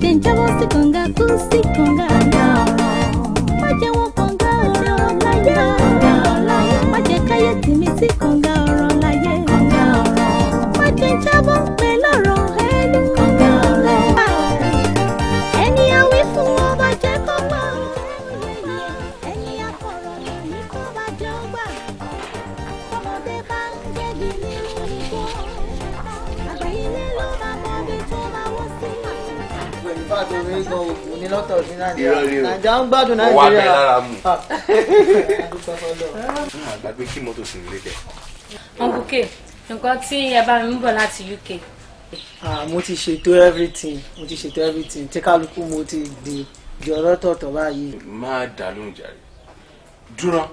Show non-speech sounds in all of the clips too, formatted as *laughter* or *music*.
Can you tell us the conga, who's t e conga? pastors ní nàìjíríà nàìjíríà ń gbádùn nàìjíríà. wọ́n wá bẹ́ẹ̀ lára mu. àgbàgbé kí mọ́tò sì nílé tẹ̀. uncle k nǹkan tí ẹ bá mi ń bọ̀ láti uk. mo ti ṣètò everything mo ti ṣètò everything tí kálukú mo ti di jọ̀rọ̀ tọ̀tọ̀ báyìí. má dà lóhùn jàre dúró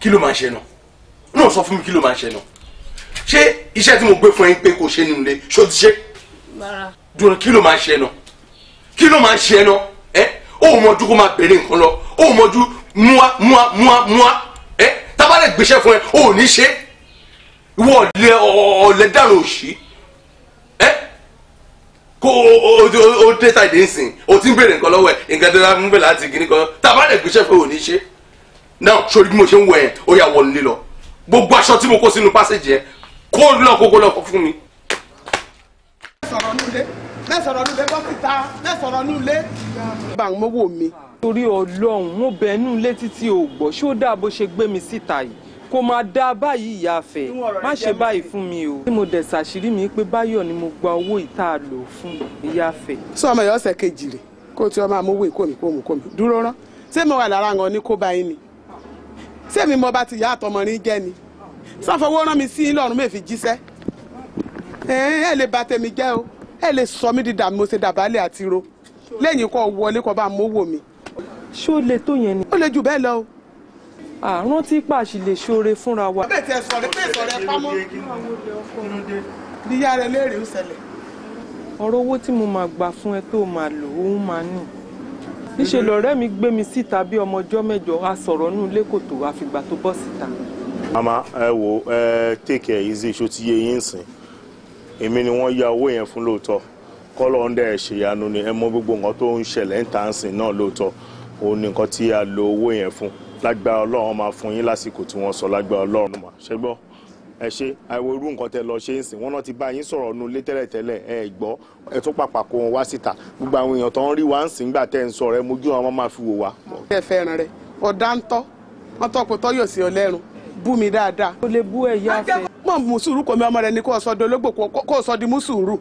kí ló máa ṣe náà náà sọ fún mi kí ló máa ṣe náà ṣé iṣẹ́ tí mo gbé fún ẹ pé kò ṣe nínú ṣó ti ṣe dúró kí ló máa ṣe náà kí ló máa ń ṣe ẹ náà ẹ ó mọ ojú kó máa bèrè nǹkan lọ ó mọ ojú mua mua mua mua ẹ tábàlẹ̀ gbéṣẹ́ fún ẹ ó ní ṣe ìwọ ọ̀lẹ ọ̀lẹ dànù òṣì ẹ kó o dé tàìdé nsìn o ti ń bèrè nǹkan lọ́wọ́ ẹ nǹkan tó dára ń bẹ̀ láti gíní kan tábàlẹ̀ gbéṣẹ́ fún ẹ ó ní ṣe náà sori bí mo ṣe ń wọ ẹ ó yà wọ nílé lọ gbogbo aṣọ tí mo kó sínú pásíjì ẹ kó lọ kókó lọ fún mi. sọ̀rọ̀ nílé mẹ́sàn-án ọdún lẹ́kọ́ síta mẹ́sàn-án ọdún lé. bá àwọn ọmọ wò mí. torí ọlọ́run mo bẹ̀ nú létí tí o gbọ́ ṣé ó dáa bó ṣe gbé mi síta yìí kò máa dá báyìí ìyá fẹ́ má ṣe báyìí fún mi o. tí mo dẹ̀ ṣàṣírí mi pé báyọ̀ ni mo gba owó ìta lò fún ìyá fẹ́. sọ ọmọ ìyọ́sẹ̀ kejì rè kó tí ọmọ amówó ìkómi kómi kómi dúró rán ṣé mo wà lára àwọn oníkóbá yín ni ṣé mi mo bá ti yá àtọmọ rí jẹ́ ni sọ́fọwọ́ rán mi sí lọ́rùn mẹ́fì jíṣẹ́ ẹ ẹ lè bà tèmi jẹ́ o ẹ lè sọ mí di dàmí mo ṣe dàbálẹ̀ àti ro lẹ́yìn kọ́ wọlé kọ́ bá mọ́ wò mí. ṣé ó le tó yẹn ni. ó le jù bẹ́ẹ̀ lọ o. àrùn tí pàṣẹ lè ṣoore fúnra wa. bẹ́ẹ̀ tí ẹ sọ̀rọ̀ pé ìsọ̀rọ̀ ẹ pamọ́. ìyá rẹ léèrè ń ṣẹlẹ̀. ọ̀rọ̀ owó tí mo máa gbà fún ẹ tó máa lò òun máa nì. níṣẹ́ lọ̀rẹ́ mi gbé mi síta bí ọmọ ọjọ́ mẹ́jọ a sọ̀rọ̀ nù lẹ́kọ̀tọ̀ àfìgbà tó bọ́ síta. màmá ẹ wo ẹ take easy ṣó ti yé yín sìn èmi ni wọ́n ya owó yẹn fún lóòótọ́ kọ́lọ́ ń dẹ̀ ṣèyanu ni ẹ mọ gbogbo nǹkan tó ń ṣẹlẹ̀ ń tà ń sìn náà lóòótọ́ òun ni nǹkan tí a lo owó yẹn fún lágbára ọlọ́run máa fún yín lásìkò tí wọ́n sọ lágbára ọlọ́run mà ṣe gbọ́ ẹ ṣe àìwò irú nǹkan tẹ lọ ṣe ń sìn wọn náà ti bá yín sọ̀rọ̀ nu ilé tẹ́lẹ̀tẹ́lẹ̀ ẹ gbọ́ ẹ tún pàpà kó wọn wá síta gbogbo àwọn èèyàn tó ń rí wá ń sìn gbà tẹ́ ń sọ̀rọ̀ ẹ mojú àwọn máa fi wò wá. ẹ fẹ́ràn rẹ ọ̀dà ń tọ́ wọ́n tọ́ sí ọ lẹ́rùn bú mi dáadáa. o lè bú ẹ̀yà fẹ́ kàn mú sùúrù kò mi ọmọ rẹ ni kò sọ di ológbò kò sọ di mú sùúrù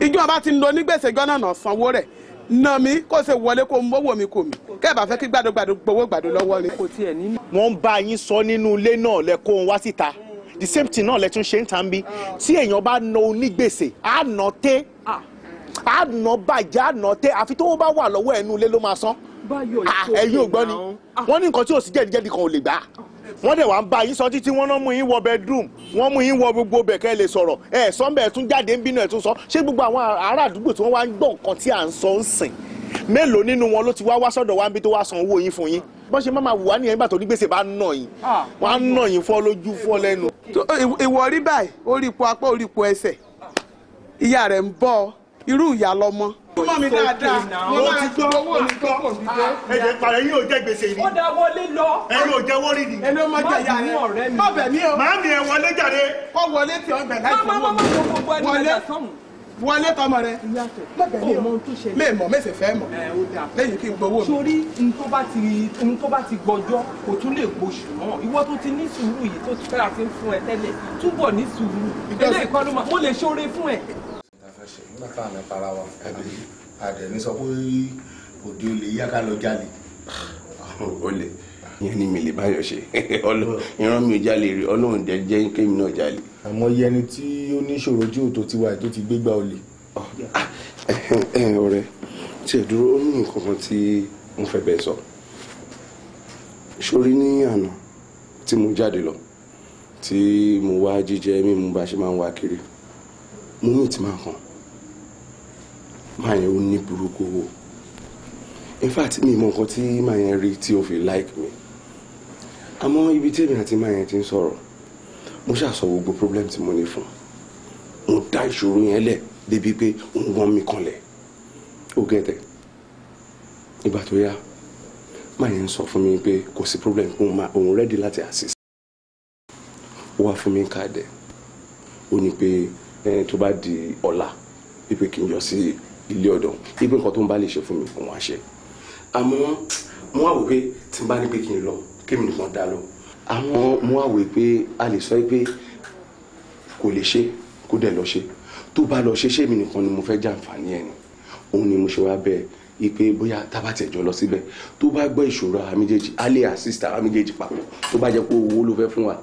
ìjọ bá ti ń lo onígbèsè gbọ́nà náà sanwó rẹ̀ nà mí kó ṣe wọlé kó mówó mi kò mí kẹ́ẹ̀bà fẹ́ kí gbàdúgbàdú gbowó gbàdú lọ́wọ́ mi. kò tiẹ̀ nínú. wọ́n ń bá yín sọ nínú ilé náà lẹ kó wọn wá síta the same thing náà lẹ tún ṣe ń tàn bí tí èèyàn bá na onígbèsè á nà tẹ́ ah. á nà bàjẹ́ á nà àfi tó bá wà lọ́wọ́ ẹnu ilé ló máa san ah, ẹ̀yin ò gbọ́ ni wọ́n ní nǹkan tí ò sí jẹ́dijẹ́di kan ò lè gbà á. Ah wọ́n dẹ̀ wá ń bá yín sọ títí wọ́n náà mú yín wọ bedroom wọ́n mú yín wọ gbogbo bẹ̀kẹ́ lè sọ̀rọ̀ ẹ̀ sọ́nbẹ̀ tún jáde ń bínú ẹ̀ tún sọ ṣé gbogbo àwọn ará àdúgbò tí wọ́n wá ń gbọ́ nǹkan tí à ń sọ ń sìn mélòó nínú wọn ló ti wá wá sọ́dọ̀ wa ń bí tó wá san owó yín fún yín bọ́n ṣe máa wù wá nìyẹn nígbà tó ní gbèsè bá nà yín ah. wọ́n á nà yín fọ́ lójú fọ́ lẹ́nu. ìwọ rí báyìí ó ipò apá ó ipò ẹsẹ̀ ìyá rẹ̀ ń bọ́ ọ irú ìyá lọmọ. Mọ́ mi dáadáa, mo máa gbọ́ owó mi gbọ́. Ẹ̀jẹ̀ parẹ́ yóò jẹ́ gbèsè ni. Ó da wọlé lọ. Ẹ yóò jẹ́ wọ́rì ni. Èmi ò mọ jẹ ìyá rẹ̀. Má bẹ̀ mí o. Màá mi ẹ̀ wọlé jàre. Kọ́ wọlé tí ọgbẹ̀ láì tó wọ̀. Wọlé wọlé tọmọ rẹ. Má bẹ̀ mí o. Mé mọ̀ mé sì fẹ́ mọ̀. Lẹ́yìn kí n gbowó mi. Sori n tó bá ti gbọ́jọ́ kò tún lè gbóṣù mọ́. Ìwọ tó ti ní sùúrù yìí tó ti fẹ́ àti fún ẹ tẹ́lẹ̀ túbọ̀ ní sùúrù. Ilé ìkọlù mo lè ṣoore fún ẹ nígbà tá à ní para yẹn ni mi lè báyọ̀ ṣe mi ò jalè rí ọlọ́run dẹ̀ jẹ́ kémi náà jalè. àmọ́ iye ẹni tí ó ní ìṣòro tí òótọ́ ti wà tó ti gbégbá olè. ọ̀rẹ́ tí ẹ dúró ó ní nǹkan kan tí mo fẹ́ bẹ́ẹ̀ sọ sórí ní àná tí mo jáde lọ tí mo wá jíjẹ mímu bá ṣe máa ń wá kiri mo ní ìtìmọ̀ kan máa yẹn ó ní burúkú owó in fact mi mọ nǹkan tí máa yẹn rí tí ó fi like mi àmọ́ ibi tí èmi àti máa yẹn ti ń sọ̀rọ̀ mo ṣàṣọ gbogbo problem tí mo ní fún mo dá ìṣòro yẹn lẹ̀ débi pé òun wọ́n mi kanlẹ̀ ó gẹ̀tẹ̀ ìgbà tó yá máa yẹn sọ fún mi pé kò sí problem òun ready láti assist ó wá fún mi káàdẹ̀ ó ní pé tó bá di ọ̀la wípé kí n yọ sí ilé ọ̀dọ̀ ibi nǹkan tó ń bá lè ṣe fún mi òun á ṣe àmọ́ mo wá wò pé tí n bá ní pé kí n lọ kí mi nìkan dá lọ àmọ́ mo wá pé a lè sọ pé kò lè ṣe kó dẹ̀ lọ ṣe tó bá lọ ṣe ṣé mi nìkan ni mo fẹ́ jàǹfààní ẹ̀ ni òun ni mo ṣe wá bẹ́ẹ̀ ipe bóyá tába tẹ̀jọ́ lọ síbẹ̀ tó bá gbọ́ ìṣòro àwọn méjèèjì a lè assist àwọn méjèèjì papọ̀ tó bá jẹ́ pé owó ló fẹ́ fún wa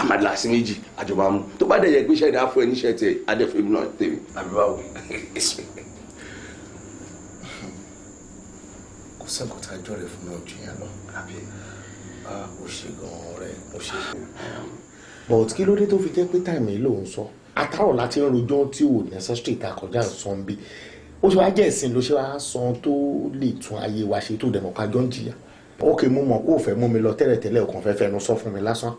àmàlà sí méjì àjọba mú tó bá dẹ̀ jẹ́ pé iṣẹ́ ìdáfọ́ ẹ̀ níṣẹ́ tẹ̀ adẹ́fẹ́ mi náà tèmi àbí báwo. *laughs* kò sí nǹkan tá a jọ rẹ̀ fún náà jù yẹn lọ àbí ó ṣe gan-an rẹ̀ ó ṣe gan-an. but kí ló dé tó fi jẹ́ pé táìmù yìí lòun sọ àtàrọ̀ láti ń rojọ́ tí ò necessary ta kọjá nǹsan bí ó ṣe wá jẹ́ ìsìn ló ṣe wá san tó lè tún ayé wa ṣe tó dẹ̀mọ̀ kájọ́ ń jìyà ok mo mọ̀ kó o fẹ́ mú mi lọ tẹ́lẹ̀tẹ́lẹ̀ o kàn fẹ́ fẹnu sọ fún mi lásán.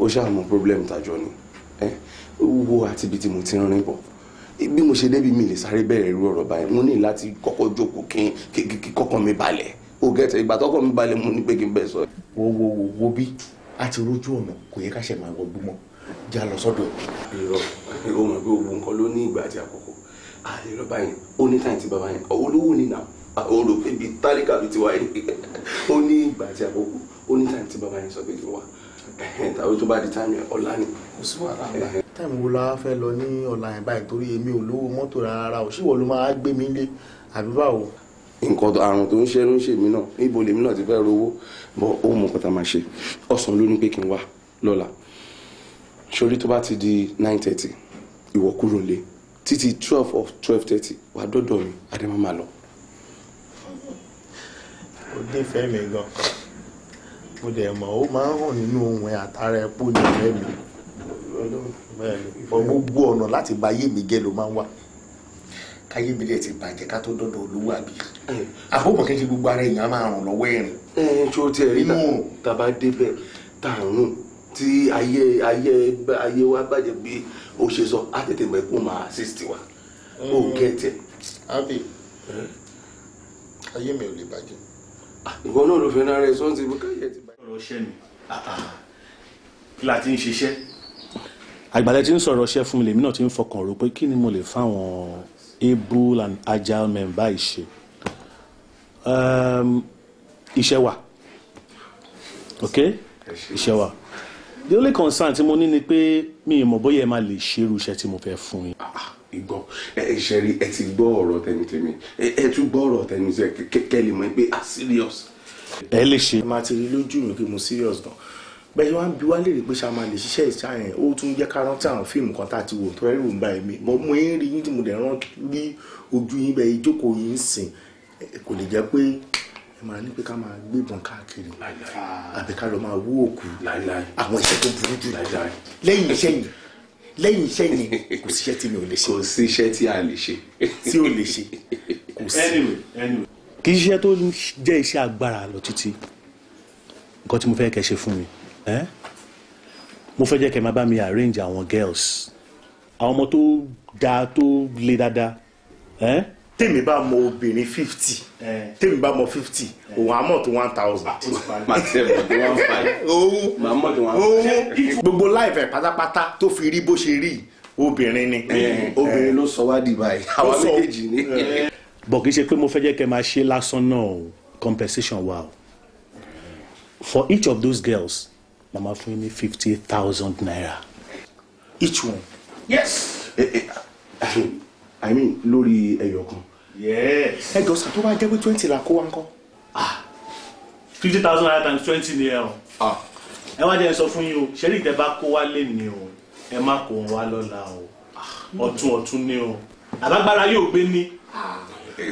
o ṣáà mọ problem tàjọ ni wo àti ibi tí mo ti ń rìn bọ̀ bí mo ṣe débi mi lè sáré bẹ̀rẹ̀ irú ọ̀rọ̀ báyìí mo ní láti kọ́kọ́ jókòó kí kọ́kàn mi balẹ̀ o gẹ̀tẹ̀ ìgbà tọ́kàn mi balẹ̀ mo ní pé kí n bẹ̀ sọ. wo wo wo wo bí a ti rójú ọ̀nà kò yẹ ká ṣe máa wọgbó mọ́ já lọ sọ́dọ̀ ẹ̀. irọ́ o mọ̀ pé ogun kan ló ní ìgbà àti àkókò àlè báyìí ó ní táyì bàbá yẹn olówó ni nà ó rò pé bíi tálíkà bíi tiwa yẹn ó ní ìgbà àti àkókò ó ní táyì bàbá yẹn sọ pé kí wà tàbí tó bá di táìmù ọ̀la ni. kò sí wàhálà ńlá. táìmù wo la fẹ́ lọ ní ọ̀la yẹn báyìí torí èmi ò lówó mọ́tò rárá o ṣíwọ́ ló máa gbé mi lé àbí báwo. nǹkan àrùn tó ń ṣe ń ṣe mí náà níbo lèmi náà ti fẹ́ rówó bọ́ ó mọ nǹkan tá a máa ṣe ọ̀sán ló ní pé kí n wá lọ́la sórí tó bá ti di nine thirty ìwọ kúrò lé títí twelve of twelve thirty wàá dọ́dọ̀ mi adé má máa lọ. ó dé fẹ́ mi gan-an mo dẹ̀ mọ̀ ó máa ń hàn nínú ohun àtàrà ẹ̀pọ̀ ní ìfẹ́ mi fọ gbogbo ọ̀nà láti ba ayé mi jẹ́ ló máa ń wà káyé mi lẹ̀ ti bàjẹ́ ká tó dọ́dọ̀ olówó eh. àbí àbọ̀mọ̀ kí n ṣe gbogbo ara èèyàn máa ràn lọ́wọ́ ẹ̀rìn. tí eh, o tiẹ̀ rí tàbá débẹ̀ tá à ń rùn tí ayé wa bàjẹ́ bí o ṣe sọ á tètè mọ̀ kó máa assist wa kó o hmm. gẹ̀ẹ́tẹ̀. àbí eh. ayé mi ò lè bàjẹ́. Ah, ìwọ náà ló fẹ́ náà rẹ sọ́ọ́sì káyé ti ọ̀rọ̀ àgbàlẹ̀ tí ń sọ̀rọ̀ ṣẹ́ fún mi lèmi náà ti ń fọkàn rò pé kí ni mo lè fáwọn able and agile men báyìí ṣe ehm, iṣẹ́ wà ok iṣẹ́ wà the only concern tí mo ní ni pé mi ì mọ̀ bóyá ẹ máa lè ṣerú iṣẹ́ tí mo fẹ́ fún yín igbọ́ ah, ah, ẹ ti gbọ́ ọ̀rọ̀ tẹnitẹmi ẹ tún gbọ́ ọ̀rọ̀ tẹnitẹmi kẹ́kẹ́ lè mọ̀ pé a ah, serious ẹ lè ṣe. màá ti rí lójú mi pé mo serious gan bẹ́ẹ̀ wá ń bi wá léèrè pé ṣá máa lè ṣiṣẹ́ ìṣá yẹn ó tún jẹ́ ká rántí àwọn fíìmù kan tá a ti wò tó rẹ́rù ń bá ẹ̀mí mo mú yín rí yín tí mo dẹ̀ rán rí ojú yín bẹ́ẹ̀ ìjókòó yín sìn kò lè jẹ́ pé ẹ máa ní pé ká máa gbébọn káàkiri àbí ká lọ máa wú òkú àwọn iṣẹ́ tó burú jù lẹ́yìn iṣẹ́ yìí lẹ́yìn iṣẹ́ yìí kò síṣẹ́ tí mi ò lè ṣe. kò síṣẹ́ tí a lè ṣe. tí ò lè ṣe. kò sí. anyway anyway kì í ṣe tó jẹ́ iṣẹ́ agbára lọ títí nǹkan tí mo fẹ́ kẹ́ ṣe fún mi mo fẹ́ jẹ́ kẹ́ máa bá mi arrange àwọn girls àwọn ọmọ tó dáa tó le dáadáa tèmi bá mọ obìnrin fifty tèmi bá mọ fifty òun àmọ́ tó one thousand. owó gbogbo láìpẹ́ pátápátá tó fi rí bó ṣe rí obìnrin ni. obìnrin ló sọ wá di báyìí àwa méjèèjì ni bọ̀ kì í ṣe pé mo fẹ́ jẹ́ kẹ́ máa ṣe lásán náà o compensation wa o for each of those girls mama fún yín ní fifty thousand naira. each one. yes. Eh, eh, i mean lórí ẹyọ kan. yes. ẹ jọ sàn tó bá jẹ́ pé twenty la kó wa ń kọ́. ah fifty thousand naira times twenty ni ẹ o. ah ẹ wá jẹ́ ẹ sọ fún yín o ṣẹ́rí ìtẹ́ bá kó wa lé ní o ẹ má kó wa lọ́la o ah. ọ̀tún ọ̀tún ni o àbágbára yóò gbé ní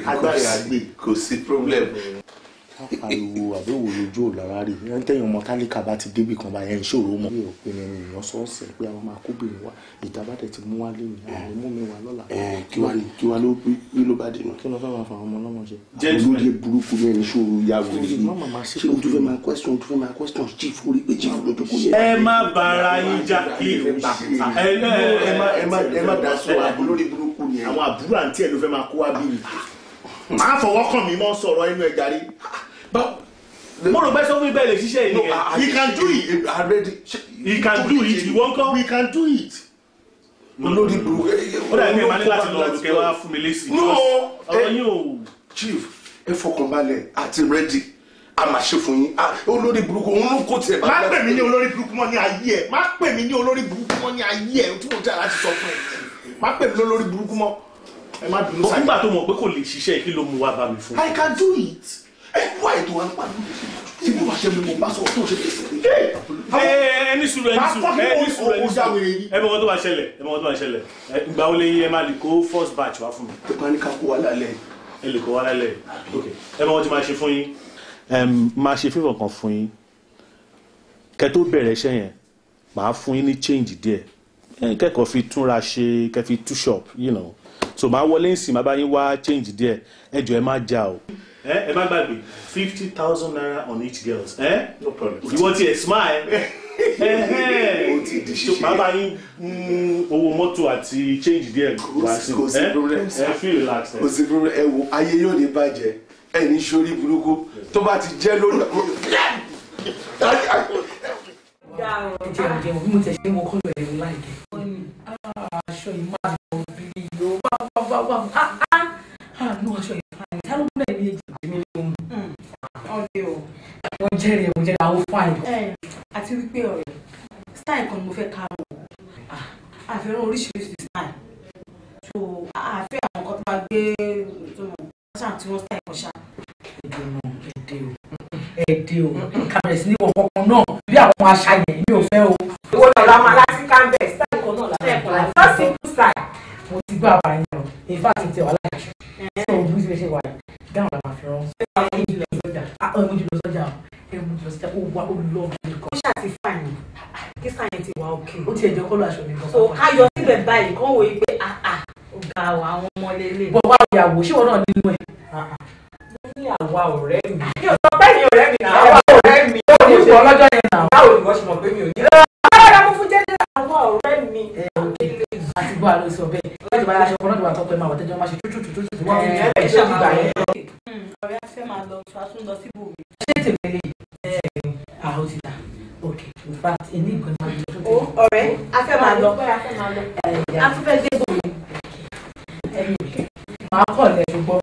agbára àgbè kò sí problem. ariwo àbẹ̀wò lójú ò lára rí i tẹ̀yìn ọmọ tálíkà bá ti débì kan báyẹn ìṣòro mọ́. mi ò pe ni sọ́ọ̀sẹ̀ pé àwọn máa kóbìnrin wa ìta bá tẹ̀ ti mú wá lé mi àwọn mú mi wá lọ́la. kí wàá kí wàá ló bí ló bá dènà. kí ló fẹ́ máa fa ọmọ ọlọ́mọ jẹ. olóde burúkú mẹ́rin ìṣòro ya wò ṣé o tún fẹ́ máa question o tún fẹ́ máa question chief orí pé chief ló jókòó yẹ. ẹ máa fọwọ́ kàn mí mọ́ sọ̀rọ̀ inú ẹ̀ jàre. mo rò pé sọ fún ibẹ̀ lè ṣiṣẹ́ ìnìyẹn. he can do it already. he can do it ìwọ ńkọ́. we can do it. olórí burúkú. ó dàbí ẹ̀ máa ní láti lọ lùkẹ́ wá fún mi lésì. no ọ̀rọ̀ yín o. chief ẹ fọkànbalẹ̀ àti ready a máa ṣe fún yín olórí burúkú òun ló kó tiẹ̀ bá. má pè mí ní olórí burúkú mọ́ ní ayé ẹ̀ má pè mí ní olórí burúkú mọ́ ní ayé ẹ̀ tí mo jẹ́ àláti sọ fún ẹ̀ má pè mí ní olórí burúkú mọ́ ẹ má bínú sáyé. nígbà tó mọ̀ pé kò lè ṣiṣẹ́ kí ló mú wa bá mi fún. I can do it. ẹ wá ètò wa nípa mi tí mo bá ṣe mi mo bá sọ̀rọ̀ tó ṣe é. ẹ ẹni sùúrù ẹni sùúrù ẹni sùúrù ẹni sùúrù ẹ mọ̀ wọ́n tó máa ṣẹlẹ̀ ẹ mọ̀ wọ́n tó máa ṣẹlẹ̀ ìgbà wo lè ẹ máa lè kó first batch wá fún mi. ẹ máa ní ká kó wa lálẹ́. ẹ lè kó wa lálẹ́ ẹ mọ̀ wọ́n ti máa ṣe fún yín. máa ṣe fífọ̀ kan fún yín kẹ́ tó bẹ̀rẹ̀ iṣẹ́ yẹn màá fún yín ní change díẹ̀ kẹ́kọ̀ọ́ fi túnra ṣe kẹ́ fi two shop you know so màá wọlé ń sìn màá bá yín wá change díẹ̀ ẹ jọ ẹ má já o. ẹ má gbàgbé fifty thousand naira on each girl Eh, no problem ìwọ tiẹ̀ smile ó *laughs* ti di ṣíṣe bàbá yín owó mọ́tò àti change díẹ̀ wá sí ẹ ẹ fi relax ẹ. kò sí problem ẹ wo ayé yóò ní bàjẹ́ ẹ ní sórí burúkú tó bá ti jẹ́ lórí ẹ̀kọ́. jẹun jẹun bí mo tẹ̀ ṣe mo kọ́ lọ ẹ̀rọ láìpẹ́. Ah, aṣọ ìmáàlú fa wà mú àánú aṣọ ìfàyè tá ló ń bẹ̀rẹ̀ ní èjì mi ní òun. ọdẹ o. wọ́n jẹ́rìí wọ́n jẹ́rìí àwọn fáìn. àti wípé ọ̀rẹ́ style kan ni mo fẹ́ ká o àfẹ́ràn oríṣiríṣi style so àfẹ́ àwọn kan tó bá gbé ṣáà tí wọ́n style kan ṣá. ẹ̀dẹ̀ o ẹ̀dẹ̀ o kàrẹ̀sì ní ọ̀kọ̀ọ̀kan náà bí àwọn aṣa mi ò fẹ́ o. ìwọ mo ti gbọ́ àwa yẹn o in fact ti wà láyà ṣe ṣe o bú ṣe wà dáhùn la máa fi rán ah, ẹ mú jùlọ sọjà ẹ mú jùlọ sọjà ẹ mú jùlọ sọjà ó wà ó lọ ọmọdé kan. ó ṣàti fàyàn kí sàyẹn ti wà òkè. ó tiẹ̀ jẹ́ kọ́ lọ aṣọ mi kan. so ká yọ síbẹ̀ báyìí kán wòye pé ah, ah, ọ̀gá wa àwọn ọmọ lélẹ̀. bọ̀ wá ìyàwó ṣé wọn náà nínú ẹ̀. mo ní àwa ọ̀rẹ́ mi. *laughs* mi àti gbọ́ àlọ́ ìsọ̀ bẹ́ẹ̀ láti bá aṣọ kan náà wà tọ́pẹ́ máa wà tẹ́jọ́ máa ṣe tútù tútù tí wọ́n fi jẹ́ ẹ̀ ṣe ìgbà yẹn lọ. ọ̀rẹ́ máa lọ sọ àtún lọ sí bòmí. ṣé tèmi lè yí àwọn ti dà ok in fact èmi nǹkan máa ń jẹ́ tó tẹ̀lé. ọ̀rẹ́ afẹ́ máa lọ afẹ́ dé bòmí. màá kọ̀ lẹ̀ ṣùgbọ́n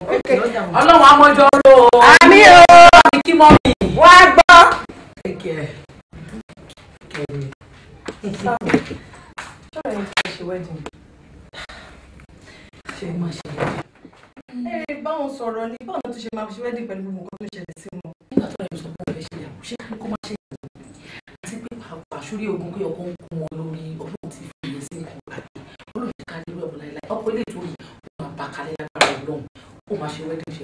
ọlọ́run amọ́jọ́ ló àmì o kí mọ́ mi. wá gbọ́. ṣe má ṣe. ẹ bá wọn sọ̀rọ̀ ní báwọn tó ṣe máa ṣe wẹ́dì pẹ̀lú gbogbo nǹkan tó ṣẹlẹ̀ sí wọn. nígbà tó rẹ̀ sọ pé ọ̀rẹ́ ṣe yàgò ṣé kó má ṣe yàgò àti pé àṣírí ogun pé ọkọ ń kún wọn lórí ọlọ́run ti fi sí ikú gbàgbé olóòtú ká nírú ẹ̀wọ̀n láìláì ọkọ ilé ìtòrí ó máa bá kalẹ̀ lágbára ọlọ́run ó máa ṣe wẹ́dì ṣe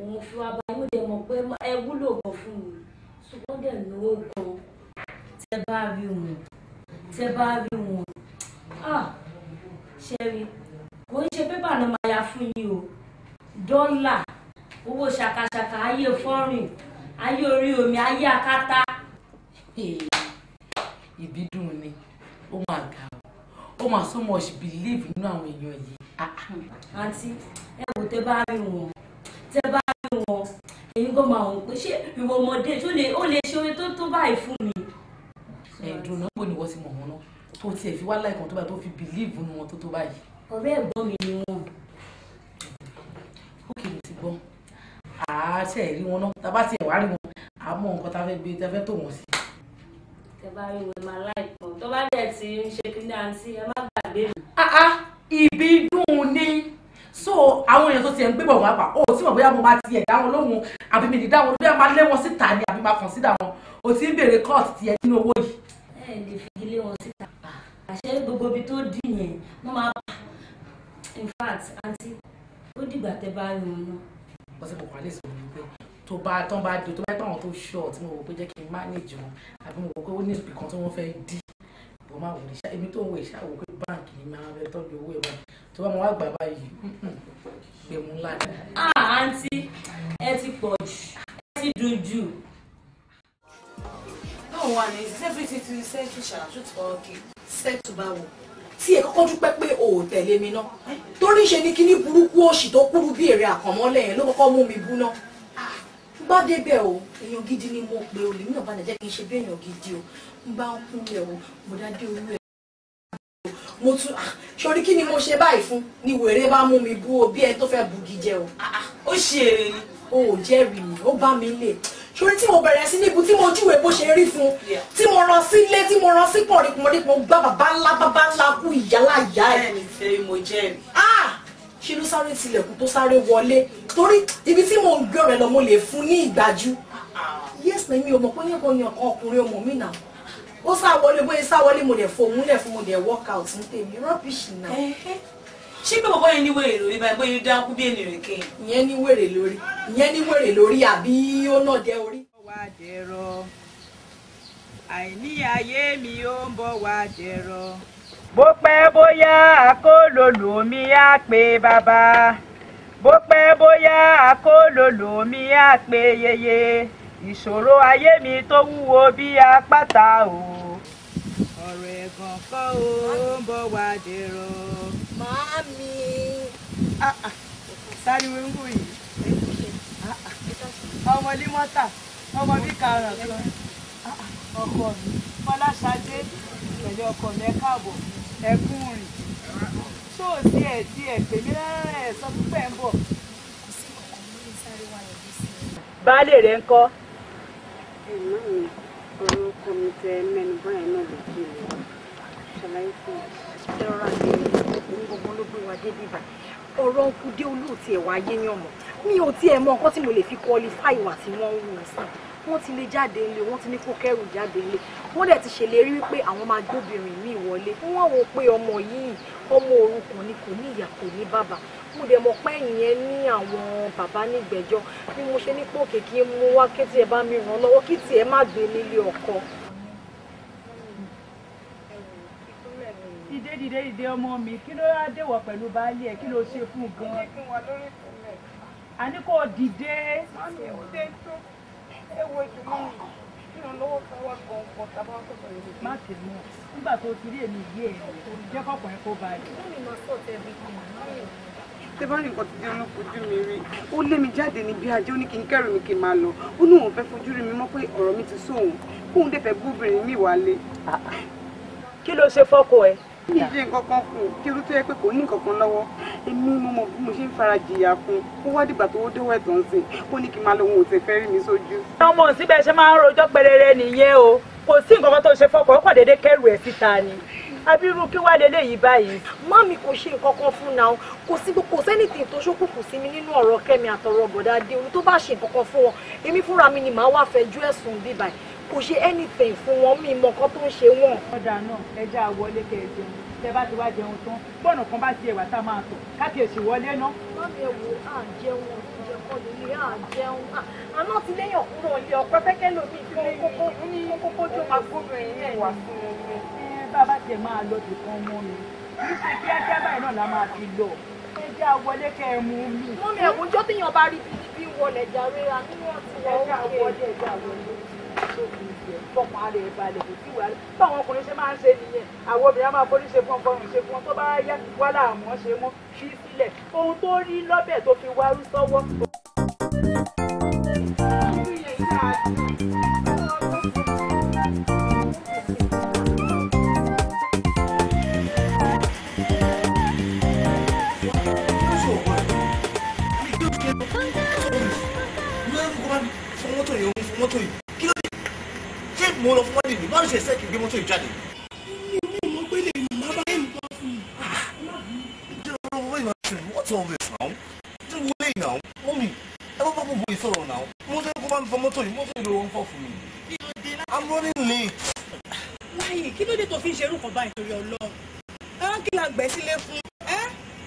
òun fi wá báyìí mo dẹ̀ mọ̀ pé ẹ wúlò gan fún mi ṣùgbọ́n dẹ̀ lówó gan tẹ bá rí wọn tẹ bá rí wọn ah! ṣẹ́rí kò ń ṣe pépà náà máa ya fún yín o dọ́là owó ṣàkàṣàkà ayé fọ́rìn ayé orí omi ayé akátá. ìbídùn ni ó máa ga ó máa so much believe nínú àwọn èèyàn yìí. Ah! àǹtí ẹ wò tẹ bá rí wọn tẹ́ bá rí wọn èmi kò máa wọn pé ṣé ìwọ ọmọdé tó lè ó lè ṣe orin tó tó báyìí fún mi. ẹ̀dùn náà pò ní wọ́n ti mọ̀ wọn náà tó tiẹ̀ fi wá láìkan tó báyìí tó fi bìlíìfù nu wọn tó tó báyìí. ọ̀rẹ́ ẹ̀gbọ́n mi ni wọn. ó kì í ti gbọ́ àátẹ̀ rí wọn náà tá a bá tiẹ̀ wá rí wọn àá mọ nǹkan tá a fẹ́ gbé tá a fẹ́ tò wọ́n sí. tẹ́ bá rí wọn máa láìpọ̀ tó bá dẹ̀ ti ń ṣe kí so àwọn èèyàn tó tiẹ̀ ń gbé bọ̀ wọ́n pa ó tí mo bóyá mo bá tiẹ̀ dá wọn lóhùn àbí mi ní dá wọn bóyá máa lé wọn síta ni àbí máa kàn síta wọn ò tí ń béèrè court tiẹ̀ nínú owó yìí. ẹ lè fi lé wọn síta àṣẹ gbogbo ibi tó dì yẹn wọn máa in fact àǹtí ó dìgbà tẹ bá rí wọn náà. wọ́n ti mọ̀ wá lè sọ wípé tó bá tán bá dé tó bá pẹ́ àwọn tó ṣọ̀ tí mo wò pé jẹ́ kí n manage wọn àbí mo wò pé ó ní ìpìkan bó máa wò ìṣá èmi tó ń wo ìṣá wò pé báǹkì ni máa fẹ́ tọ́jú owó ẹ̀ báyìí tó bá mo wá gbà báyìí gbẹ̀mú ńlá ni. àǹtí ẹ ti pọ̀ jù ẹ ti dùn jù. báwo wà ní everything ti ṣẹ́ẹ̀tù ṣàṣù tó ọkẹ́ ṣẹ́ẹ̀tù bá wò tí ẹ kọ́kọ́ dúpẹ́ pé o ò tẹ̀lé mi ná torí ṣe ni kíní burúkú òṣì tó kúrú bí èrè àkànmọ́lẹ̀ yẹn ló kọ́kọ́ mú mi bú ná bá débẹ̀ o èèyàn gidi ni mo pe olè mìíràn balẹ̀ jẹ́ kí n ṣe bí èèyàn gidi o n bá ń kúnlẹ̀ o mo dá dé olú ẹ̀ mo tún ah, sori kí ni mo ṣe báyìí fún ni wèrè bá mú mi bú o bí ẹ tó fẹ́ bugi jẹ o. Ah, ah, ó ṣe èrè ni. o ò jẹ́rìí mi ó bá mi lè sori tí mo bẹ̀rẹ̀ sí níbu tí mo júwe bó ṣe rí fún tí mo rán sílé tí mo rán sí pọ̀nrípọ̀nrípọ̀ gbá bàbá ńlá bàbá ńlá kú ìyálà ìyá ẹ̀. bẹ́ẹ̀ ni fẹ́ mo jẹ́rìí ṣe ló sáré tilẹ̀kùn tó sáré wọlé torí ibi tí mò ń gbé ọ̀rẹ́ lọ mo lè fún ní ìgbájú yes na mi ò mọ̀ pé yẹn kan yàn kan ọkùnrin ọmọ mi náà ó sá wọlé bóyá sá wọlé mo lè fòun lẹ̀ fún mo lè work out ní tèmi rubbish náà. ṣé pé bàbá yẹn ní wèrè lórí báyìí bóyá ó dákú bí ènìyàn rèké. ìyẹn ní wèrè lórí ìyẹn ní wèrè lórí àbí ó nà dé orí. àìní ayé mi ó ń bọ̀ wá dẹ̀rọ̀ bó pẹ́ bóyá akólòlò mi á pé bàbá bó pẹ́ bóyá akólòlò mi á pé yeye ìṣòro ayé mi tó wúwo bí apáta o. ọ̀rọ̀ ẹ̀gàn kan ó ń bọ̀ wá dèrò. màámi. sáré wíwú yìí ọmọ límọ́tà ọmọ bí karùn-ún ah, ah. ọkọ mi fọláṣadé pẹ̀lú ọkọ rẹ káàbọ̀ ẹkún rìn tó díẹ̀ díẹ̀ pèmí rárá ẹ̀ sọ fún pẹ́ ń bọ̀. baálé rẹ ń kọ́. ẹ̀gbọ́n mi ọ̀rọ̀ ọkọ mi tẹ mẹ́nu báyìí náà lè kí mi ṣàlàyé fún mi. ìrora mi ọkùnrin gbogbo ló gbé wa dé bíbá ọ̀rọ̀ ọkùnrin dé olóòtú ẹ̀ wá yéèyàn mi ò tiẹ̀ mọ nǹkan tí mo lè fi kọ́lifáì wà tí wọ́n ń wù sí wọ́n ti lè jáde ńlẹ̀ wọ́n ti ní kó kẹ́rù jáde ńlẹ̀ wọ́n dẹ̀ ti ṣèlérí wípé àwọn máa gbóbìnrin míì wọlé wọ́n wò pé ọmọ yìí ọmọ òrukàn ni kò ní ìyá kò ní bàbá mo dẹ̀ mọ̀ pé ìyẹn ní àwọn bàbá nígbẹ̀jọ́ bí mo ṣe ní pò kìkì mú wá kí tiẹ̀ bá mi ràn lọ́wọ́ kí tiẹ̀ má gbé nílé ọkọ. dìde dìde dìde ọmọ mi kí ló á dèwọ̀ pẹ̀lú baálé ẹ̀ kí ló ṣe fún un gan-an. a dìde ewo ìdùnnú mi ìrànlọ́wọ́ nígbà tó ti rí èmi yé ẹ jẹ́ kọ́kọ́ ẹ kó ba yìí. gómìnà sọ̀tẹ̀ ti di olókojú mi rí ó lé mi jáde níbi ajé ó ní kí n kẹ́rù mi kí n máa lọ ó ní òun fẹ́ fojú rí mi mọ́ pé ọ̀rọ̀ mi ti sóhun kóun dẹ̀ fẹ́ gbóbìnrin mi wálé. kí ló ṣe fọ́kọ ẹ kí n ṣe nǹkan kan fún un kí ló tó yẹ pé kò ní nǹkan kan lọ́wọ́ èmi mo mo ṣe ń fara jìyà fún un ó dìgbà tó dówó ẹ̀tọ́ ń sìn ó ní kí n máa lọ òun ò fẹ́ rí mi sójú. ọmọ síbẹ̀ ṣe máa ń rojọ́ pẹrẹrẹ nìyẹn o kò sí nǹkan kan tó ṣe fọkàn ó kàn déédéé kẹrù ẹ̀ síta ni abirú kí wá lélẹ̀ yìí báyìí. mami kò ṣe nǹkan kan fún náà kò sí kò sẹ́nìtì tó ṣókùnkùn sí mi nínú ọ̀rọ̀ kẹ́mi àtọ̀rọ̀ bọ̀dá dé orí tó bá ṣe nǹkan kan fún wọn èmi fúnra mi ni màá wá fẹjú ẹ̀sùn bíbáyìí kò ṣe anything fún wọn mi mọ nǹkan tó ń ṣe wọn. ọ̀dà náà ẹja wọlé kẹ jẹun tẹ bá ti wá jẹun tán bọ́ọ̀nù kan bá ti ẹ̀wà tá a máa tọ̀ kákèsì wọlé náà. mọ́mí ẹ̀ wò á jẹun ọ̀sẹ̀ kan lè rí á jẹun àná ti léyàn kúrò ilé ọ̀pẹ́ pẹ́kẹ́ lómi tí wọ́n kókó ní kókó tó máa gbóná ẹ̀yìn ẹ̀ wá fún mi. bá a bá tiẹ̀ máa lọ sí kan mọ́ mi kì í ṣe kíákíá báyìí náà la máa fi lọ ẹja wọlé kẹ ẹ mú mi. mọ́mí ẹ̀ wò ó jọ́ ṣé ìgbìyànjú ẹ̀ fọkàn ara ẹ̀ balẹ̀ kò sí wàhálà báwọn ọkùnrin ṣe máa ń ṣe nìyẹn ohun tó rí lọ́bẹ̀ tó fi wárú sọ́wọ́. mọ́tò yìí mo lọ fún ọ́dìdì báwo ṣe ṣe kí gbé mọ́tò ìjáde. mi ò mọ̀ pé lè má bá yẹn nǹkan fún mi. jẹ́rọ wọ́n ìmọ̀ ṣe what's all this now? jẹ́rọ wọlé yìí now mọ́mì ẹ bá bá gbogbo ìsọ̀rọ̀ now mo fẹ́ kó bá mi fọ mọ́tò yìí mọ́tò ìlú wọn fọ́ fún mi. I'm running late. wáyé kí ló dé tó fi ń ṣerú kan báyìí torí ọlọ́run ẹran kí la gbẹ̀ sílé fún ẹ́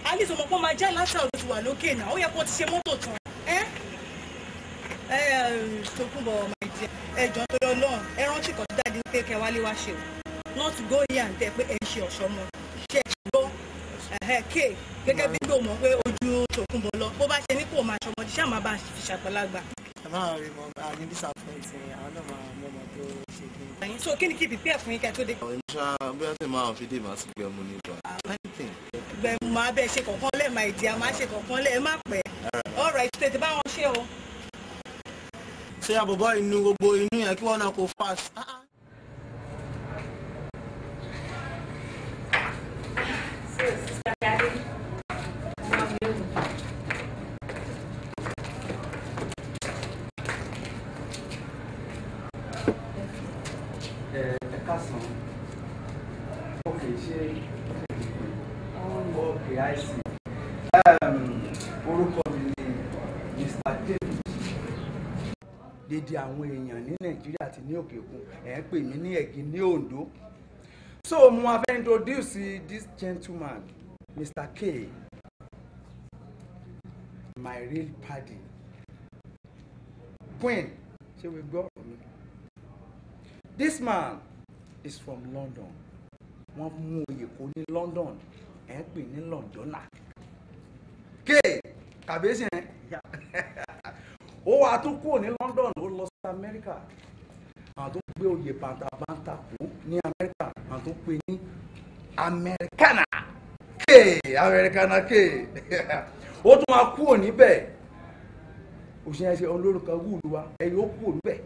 alice ọmọ pọ́n máa já látà òtútù wà lókè náà ó yẹ kó ti ṣe mọ́tò tán. Tókunbọ̀ my dear ẹ̀jọ̀ tó lọ lọ́run ẹ rántí kan dáadé pé kẹ wálé wá ṣe o not go here and there pé ẹ ṣe ọ̀ṣọ́ mọ ṣe ẹ gbọ́ ké gẹ́gẹ́ bí gbò mọ̀ pé ojú Tókunbọ̀ lọ bó bá ṣe ní kó máa ṣọmọdé ṣáà máa bá fi ṣàgbọ́lágbà. àmọ́ àwọn ìmọ̀ àní disappoint àwọn náà máa mọ ọmọ tó ṣe kí n. so kí ni kí pípẹ́ fún yín kẹ́ tó dé. àwọn ìṣá bóyá tí màá fi dé màá sì gbẹ mu nípa. gbẹ̀mú máa bẹ́ẹ̀ ṣe kọ̀ọ̀kan lẹ́ẹ̀ máa ìdí ṣé àbọ̀bọ̀ inú gbogbo inú yẹn kí wọ́n náà kò fast. orúkọ mi ni Mr. David dédé àwọn èèyàn ní nàìjíríà àti ní òkè òkun ẹ̀ ń pè mí ní ẹ̀gìn ní ondo so mo wá fẹ́ introduce this gentleman mr k my real paddy queen ṣé we gbọ́ mi this man is from london wọ́n mú oyè kó ní london ẹ̀ ń pè ní londoner k kàbíyèsí ẹ̀ ó wà tún kúrò ní London ó lọ sí Amẹ́ríkà àwọn tó ń gbé oyè bàǹtàbàǹtà kú ní Amẹ́ríkà àwọn tó ń pè ní Amẹ́ríkánà kéè Amẹ́ríkánà kéè ó tún máa kúrò níbẹ̀ òṣìṣẹ́ olórúkọ wúlù wa ẹ̀yìn ó kúrò níbẹ̀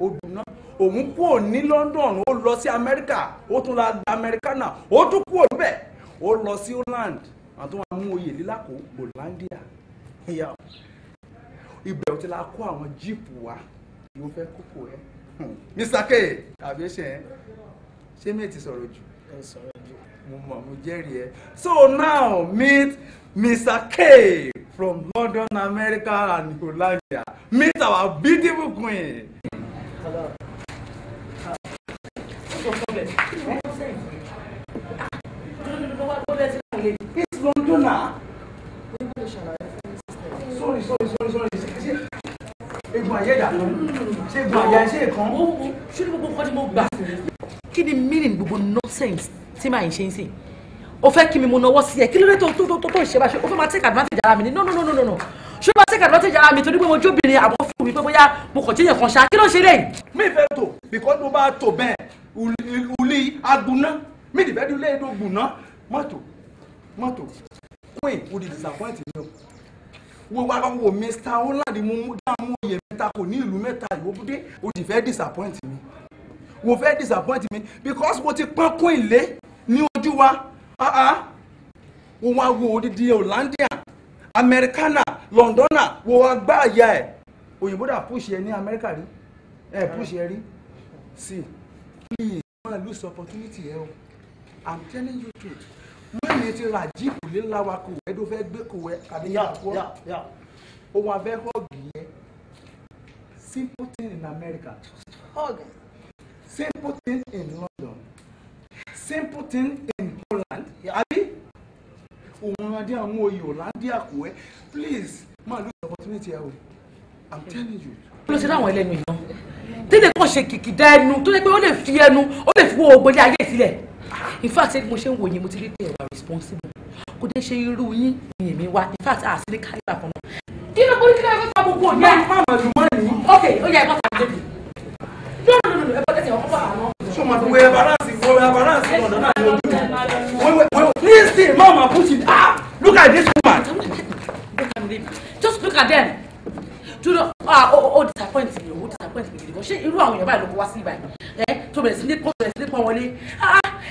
ó dùnà òun kúrò ní London ó lọ sí Amẹ́ríkà ó tún la gba Amẹ́ríkánà ó tún kúrò níbẹ̀ ó lọ sí Holland àwọn tó máa mú oyè lílàkó Hollandia ibẹ̀ ò la kó àwọn jíìpù wa ìwọ fẹ́ kókó ẹ Mr. Hmm. K àbíṣe ẹ ṣé mi ti sọ̀rọ̀ jù mo mọ̀ mo jẹ́rìí ẹ so now meet Mr. K from London America and Hollandia meet our beautiful queen. Hello. Sorry, sorry, sorry, sorry egun àyè ìdàlú ṣé egun àyè ṣé èkán. ṣé ní gbogbo nǹkan tí mo gbà. kí ni take advantage ara mi no no no no no ṣé o take advantage ara mi torí pé mo jóbìnrin àbọ̀ fún mi pé bóyá mo kàn jẹ́yàn kan ṣá wo wá wo Mr. Holland mo mú dáhùn oyè mẹ́ta kò ní ìlú mẹ́ta ìwọ́bùdé o ti fẹ́ disappoint mi wo fẹ́ disappoint mi because mo ti pọ́n kún ilé ní ojú wa wo ah, ah. wá wo odidi Hollandia Americana Londona wo wá gbá àyà ẹ̀ òyìnbó dà push ẹ ní America rí Eh, push ẹ rí sí please má lose opportunity ẹ o I'm telling you truth mi ti ra jíìpù líla wa tó fẹ́ gbé kò wẹ́ tàbí yà ohun abẹ́ họ́ọ̀gì yẹn simple thing in America simple thing in London simple thing in Poland àbí òun adé àwọn oyè Hollandia kò wẹ́ please máa lose the opportunity ẹ o I'm telling you. ló ṣe láwọn ẹlẹ́nu ìná tẹ́lẹ̀ kan ṣe kìkìdá ẹnu tó lẹ́ pé ó lè fi ẹnu ó lè fi wo ògbólé ayé sílẹ̀ in fact mo ṣe ń wò yín mo ti rí pé ẹ̀wà responsible kò dé ṣe irú yín ni èmi wá in fact àti ní káyọ̀ àkànná. kí ló kórìí kí ló fẹ́ fa gbogbo òní. máa máa lù mọ́ ẹ̀yìn. ok ó yẹ ẹ̀kọ́ tàbí débi. no no no no ẹ̀kọ́ tẹ̀sí ọkọ̀ bá àná. ṣé o máa wẹ abaransi wọ abaransi ọ̀nà náà ni ojú wẹ́wẹ́ wẹ́wẹ́ please stay máa máa put it ah look at this woman. just look at them dúró ah ó oh, ó oh, oh, disappoint me ó disappoint me gidi gan ṣé irú àwọn èèyàn báyìí ló kó wá sí ibà yìí ẹ eh, tó bẹ̀rẹ̀ sí ní pọ́n bẹ̀rẹ̀ sí ní pọ́n wọlé ah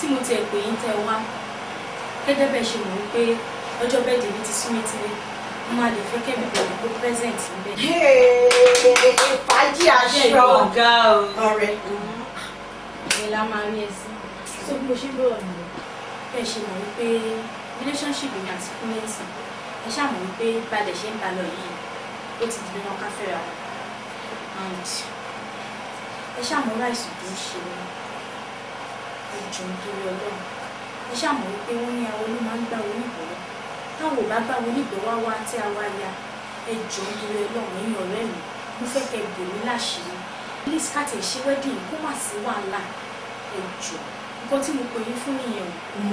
tí mo tiẹ̀ pè yín tẹ́ wá gẹ́gẹ́ bẹ́ẹ̀ ṣe mọ̀ wípé ọjọ́ bẹ́ẹ̀ dèbí ti sún mi tilé mo máa lè fẹ́ kẹ́mi pẹ̀lú kó present níbẹ̀. fàájì aṣọ ọ̀gá ọ̀rẹ́. ìyẹn la máa rí ẹ sí tó bí mo ṣe ń bọ̀rọ̀ nìyẹn bẹ́ẹ̀ ṣe mọ̀ wípé relationship mi àti kúmẹ́ǹsì ẹ ṣáà mọ̀ wípé balẹ̀ ṣe ń ba lọ yìí ó ti di dandan fẹ́ra ẹ ṣáà mọ̀ tó ń ṣe wọn ìjọ nítorí ọlọ́run ẹ ṣàmọ̀ wípé wọ́n ní àwọn ló máa ń gbá onígbọ̀wọ́ táwọn ò bá gbá onígbọ̀wọ́ wá tí a wá ya ẹ nítorí ọlọ́run ẹ̀yin ọ̀rẹ́ mi mo fẹ́ kẹ́ bò mí láṣìírí please ká ṣe wedding kó má sí wàhálà ẹ nǹkan tí mo pè yín fún nìyẹn o.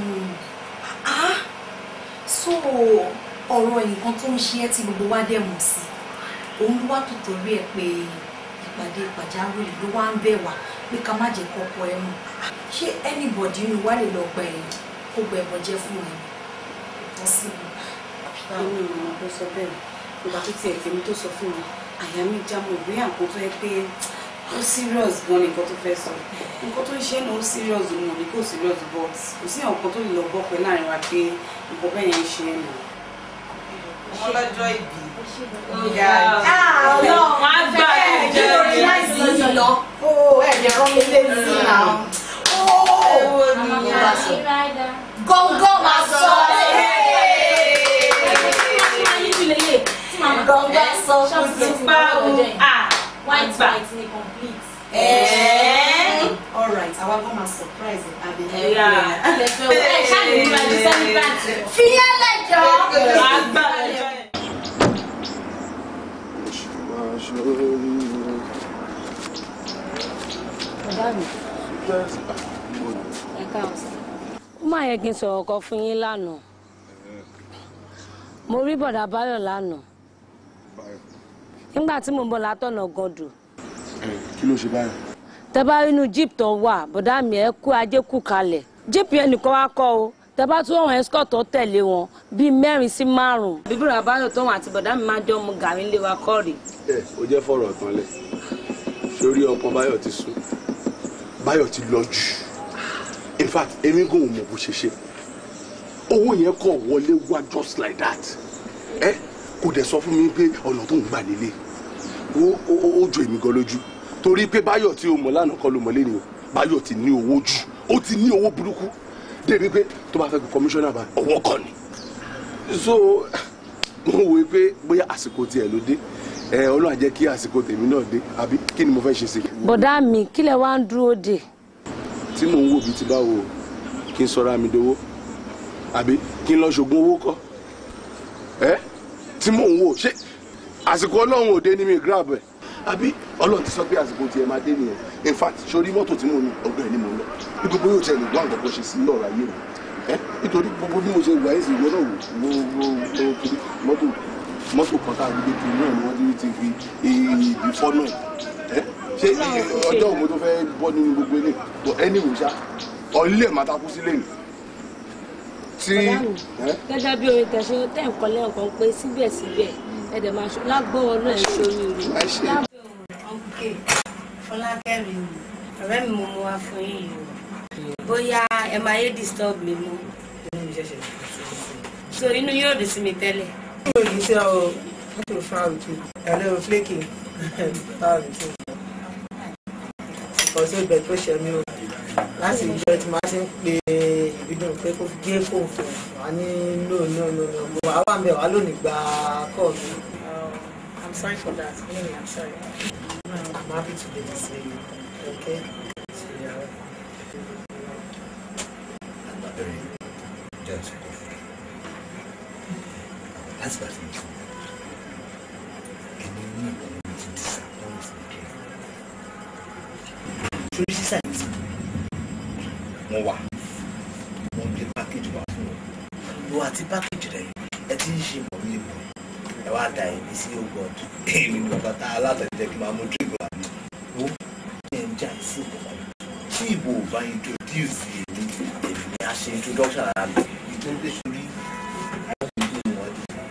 Ah, ah. so ọ̀rọ̀ nǹkan tó ń ṣe ẹ́ tí gbogbo wa dẹ̀ mọ̀ sí òun wá tòtò rí ẹ pé ìpàdé pàjáwìrì ló wá ń bẹ̀ wá pé ká má jẹ́ kọ́kọ́ ẹ mú ṣé anybody inú wa lè lọ gba ẹ̀yìn kó gba ẹ̀bọ̀ jẹ́ fún mi wọ́n sì mú. báwo ni mo bọ́ sọ bẹ́ẹ̀ ìgbà tó tiẹ̀ tèmi tó sọ fún mi àyà mi já mo rí àpótí ẹ pé ó serious gan ni nǹkan tó fẹ́ sọ nǹkan tó ń ṣe náà ó serious mo ní kó serious but kò sí àwọn kan tó lè lọ bọ́ pẹ́ láàrin wa pé nǹkan bẹ́ẹ̀ yẹn ń ṣe é nù. ọmọlọ́jọ́ ìbí Ọlọ́run á gbà jẹ́ orí láìsí yìí lọ. Ó ẹ̀yẹ̀ rán mi lé sí ìlà. Gọ́ngọ́ máa sọ. Gọ́ngọ́ sọ fún ti pa òun. White white ni complete. Eh? Eh? All right, àwa gan máa surprise àbí. Ẹ ṣáà lè múra ní sẹ́ni bá ti. Fíyẹ́lẹ̀ jọ. Àgbà. ó má yẹ kí n sọ̀rọ̀ fún yín lánàá mo rí bọ̀dà báyọ̀ lánàá nígbà tí mo ń bọ̀ látọ̀nà gọdù. kí ló ṣe báyọ̀. tẹ bá inú jíìpù tó wà bọ̀dá mi ẹ kú ajé kú kalẹ̀ jíìpù yẹn nìkan wá kọ́ o. tẹ́bá tún àwọn escort tó tẹ̀lé wọn bíi mẹ́rin sí márùn-ún. bíbí rà báyọ̀ tóun àti bọ̀dá mi máa jọ mu gàrí ńlé wa kọ́ rè. ẹ o jẹ́ fọ̀rọ̀ ọ̀tàn lẹ̀ sórí ọkàn báyọ̀ ti sún báyọ̀ ti lọ jù in fact èmi kò mọ̀ bó ṣe ṣe owó yẹn kọ̀ wọlé wá just like that ẹ kò dẹ̀ sọ fún mi pé ọ̀nà tó ń gbà nílé ó jọ èmi gan lójú torí pé báyọ̀ tí o mọ̀ lánàá kọ́ ló mọ̀ lé ni o báyọ̀ ti ní owó jù ó ti ní owó burúkú débi pé tó bá fẹ́ kí kọmíṣánná bá ọwọ́ kọ ni so mo wòye pé bóyá àsìkò tiẹ̀ ló dé ẹ ọlọ́run á kí àsìkò tèmi náà dé àbí kí ni mo fẹ́ ṣe sí. bọ̀dá mi kílẹ̀ wá ń dúró dè. tí mò ń wò bíi ti báwo kí n sọra mi dowó àbí kí n lọ ṣògùn owó kọ́ ẹ tí mò ń wò ṣé àsìkò ọlọ́run òde ni mi grab ẹ̀ àbí ọlọ́run ti sọ pé àsìkò tiẹ̀ máa dé nìyẹn in fact sori mọ́tò tí mo ní ọgbẹ́ ẹ̀ ni mo lọ nítorí bóyá o tiẹ̀ lè gbọ́ àwọn ọ̀pọ̀ ṣe sí lọ́ọ̀rọ̀ ayé rẹ̀ ẹ́ nítorí gbogbo bí mo ṣe wà ẹ́sì ìwọ náà wò mọ́tò mọ́tò kan tá a gbé kiri náà ni wọ́n ti ti fi ìdí fọ́ náà ẹ́ ṣé ọjọ́ òun tó fẹ́ bọ́ nínú gbogbo ilé tó ẹni wò ṣá ọ̀lẹ́ màá takú sílé mi tí. gẹ́gẹ́ bí orin tẹ̀sán tẹ̀ ń kọ́lé ọ̀kan pé síbẹ̀síbẹ̀ ẹ̀dẹ̀ máa ṣe lágbó ọlọ́ọ̀ ẹ̀ ṣoríire gòkè fọlákẹ́mi mi ọ̀rẹ́ mi mo mú wá fún yín yìí o bóyá ẹ máa yé disturb mi mú. so inú yóò dùn sí mi tẹ́lẹ̀. inú yìí sí ọ what you found with me hello flaky found with me ọ̀sẹ̀ ìgbẹ́ tó ṣe mí o láti ìjọ tí màá ti ń pe ìbídùn pé kó fi gé fóònù fún wa ní lóòónù lóòónù àwa mi àwa lónìí gba kọ́ọ̀lù. I'm sorry for that. Anyway, I'm sorry. I'm happy to be this way. Okay? So, yeah. I'm not very judge of husband. Can you need to disappoint me. So, this is Mo wa. not de package wa fun. Mo ati package. sí o oh god èmi ni bàbá tá alátẹ̀jẹ́ kí n máa mú dìbò àmì ó ní ẹ̀ ń jà sí ìbò tí ìbò ò bá introduce èmi èmi ni a ṣe introduction ara mi nítorí pé sórí àwọn ìlú wọn ni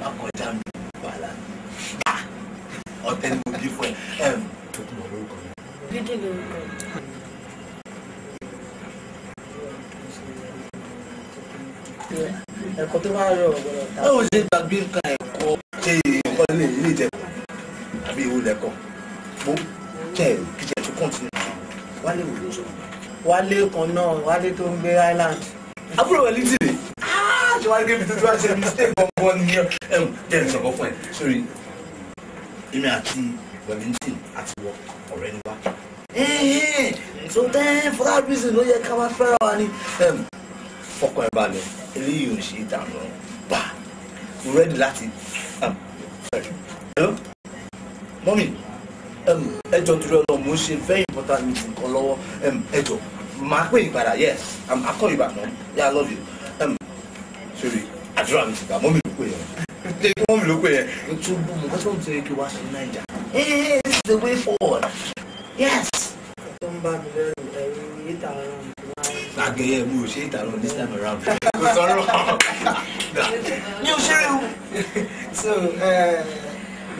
má kọjá mi bàlá ọ̀tẹ̀ ni mo bí fún ẹ. ẹ̀kọ́ tó bá rọ̀ ọ̀gbọ̀n ọ̀tá. ó ṣe gbàgbé nǹkan. wálé kan náà wálé tó ń gbé island. àbúrò wẹ̀ lítìrì ah, ṣe wá débi tó tó wá ṣe mistake ọ̀pọ̀ nìyẹn ẹ̀hún jẹ́rìí sọ̀kọ́ fún ẹ̀ sórí èmi àti Wellington àti wọ ọ̀rẹ́ ni wá. so then for that reason ló yẹ ká wá fẹ́ra wa ni fọkàn ẹ balẹ̀ eléyìí ò ṣe ìdáná bá mo ready láti. Um, mọ́mí um, ẹjọ́ torí ọlọ́run mo ṣe very important meeting kan lọ́wọ́ um, ẹjọ́ máa pè yín padà yes i'm i'll call you back mom yeah i love you um, sorry àdúrà mi ti gbà mọ́mí ló pè yẹn tẹ́lẹ̀ mọ́mí ló pè yẹn tó bú mu kọ́sọ́ mi ti rí kí wá sí naija hey this is the way forward yes. tó ń bá mi lẹ́rù ẹ̀rù yìí tà ara mi. Agẹyẹ mi ò ṣe é ìtàrọ̀ this time around. Kò sọ̀rọ̀. Mi ò ṣeré o. So, eh, ẹ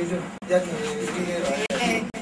ẹ jẹ́ kí n rí ọ̀rẹ́.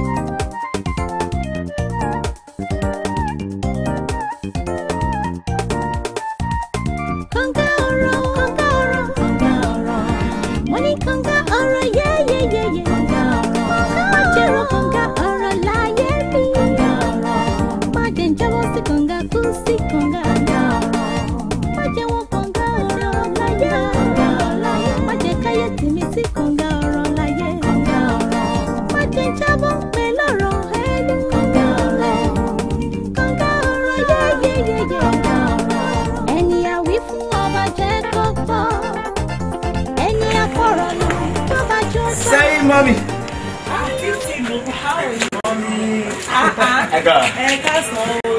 ẹ̀ka. ẹ̀ka sàn o.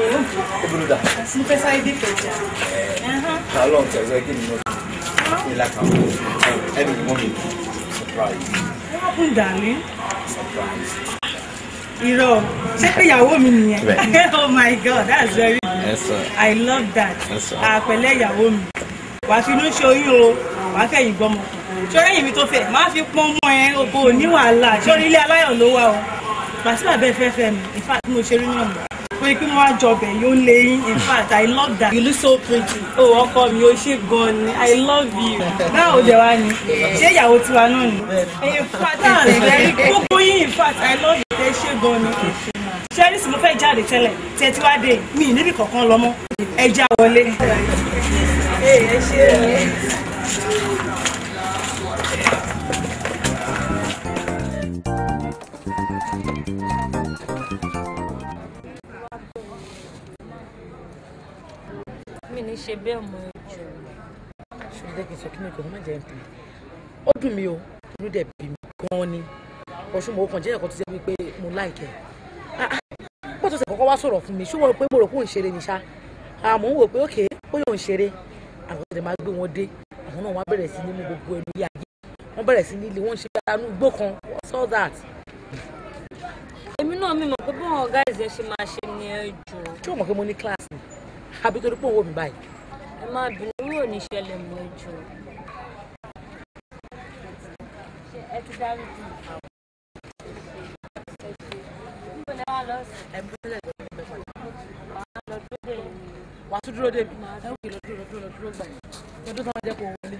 obìnrin mo fẹ́ sáré dé kẹjà. kàlọ́ ń tẹ̀sẹ̀ kí ni mo fi ní lákàá ẹni surprise. What happened, darling? surprise. irọ́ ṣé pé ìyàwó mi nìyẹn. *laughs* oh my god that's very good. Yes, sir. i love that. àpẹ̀lẹ́ ìyàwó mi wàá fi inú ṣe oyún o wàá fẹ̀yìn gbọ́mọ sórí èyí mi tó fẹ́ máa fi pọ́n mọ́ ẹ o kò ní wàhálà sórí ilé aláyọ̀ ló wà o pàṣípà bẹ́ẹ̀ fẹ́ mi in fact mo ṣe rí náà mọ̀ wọ́n ní pé wọ́n yóò lé yín in fact i love that you look so pretty o oh, ọkọ mi o ṣe gan ni i love you báwo jẹ wá ni ṣé ìyàwó tiwa náà ni in fact náà rẹ̀ gbogbo yín in fact i love you ẹ ṣe gan ni ṣẹ́rìsì mo fẹ́ jáde tẹ́lẹ̀ tí ẹ ti wá dé mi níbi kankan lọ mọ́ ẹ já wọlé. ẹ ṣe é. ṣe bẹ́ẹ̀ mọ́ ẹjọ́. ṣùgbọ́n jẹ́ kí n sọ kí ni ìkọ̀ọ́ má jẹ́ nǹkan ó dùn mí o inú dẹ̀ bí mi gan-an ni ọ̀ṣun mọ̀ jẹ́ ẹ̀kọ́ tó ṣe wípé mo láìkẹ́ pọ̀ tó ṣe kọ́kọ́ wá sọ̀rọ̀ fún mi ṣùgbọ́n pé mo rò pé òun ṣeré ni ṣá àmọ́ ń wò pé òkè ó yóò ń ṣeré àwọn ọ̀sẹ̀ máa gbé wọn dé àwọn náà wọ́n bẹ̀rẹ̀ sí ní mú gbogbo ẹnu yá yé wọ́n bẹ̀rẹ̀ sí ní ilé wọ́n ń ṣe dánú gbó kan what's all that. èmi náà mímọ̀ pé bí wọn ọ̀gá ìṣe ṣe máa ṣe ni ẹ jù. ṣé o mọ̀ pé mo ní kíláàsì àbí torí pé òun wò mí báyìí ẹ má bínú wò ní ṣẹlẹ̀ mọ́ ẹjọ́ ẹ ti dárí jù wàá tún dúró dé mi ẹ wò kí lọ dúró lọ dúró lọ dúró gbà yẹn lọdún tó máa jẹ kó wọlé.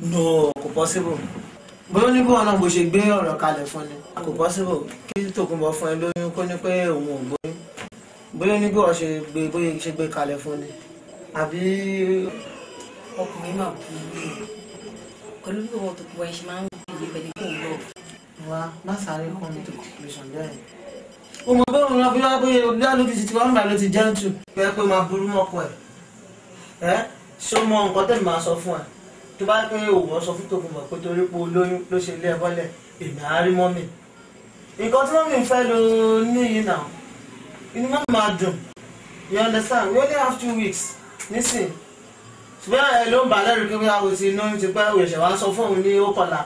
no kò possible bóyá ní bóyá náà bó ṣe gbé ọ̀rọ̀ kalẹ̀ fún ni kò possible kí Tòkunbọ̀ fún ẹ lóyún kó ní pé òun ò gbóyún bóyá ní bóyá ṣe gbé bóyá ṣe gbé kalẹ̀ fún ni àbí. ọkùnrin máa kú pẹ̀lú bí wọn Tòkunbọ̀ ẹ ṣe máa ń gbé pẹ̀lú kò ń lọ. wa má sáré kún mi tó kìlì sàn bẹ́ẹ̀ o mọ bẹ́ẹ̀ òun náà bí wọ́n á pé bí wọ́n á lójú ti ti wọ́n bá ló ti jẹ́ ń tù. bẹ́ẹ̀ pé máa burú mọ́kọ ẹ̀ ẹ́ ṣé o mọ nǹkan tẹ̀lé máa sọ fún ẹ tó bá pé òun sọ fún tòun mọ̀ pé torí pé olóyún ló ṣe ilé ẹ bọ́lẹ̀ èmi á rí mọ́mì nǹkan tí mọ́mì ń fẹ́ ló ní yìí náà inú mọ́mì máa dùn you understand we only have two weeks nísìn ṣùgbọ́n ẹ ló ń bà lẹ́rù kí wíwá òsì inú ti pẹ́ òṣèṣẹ́ wa sọ fún òun ní ó kọlà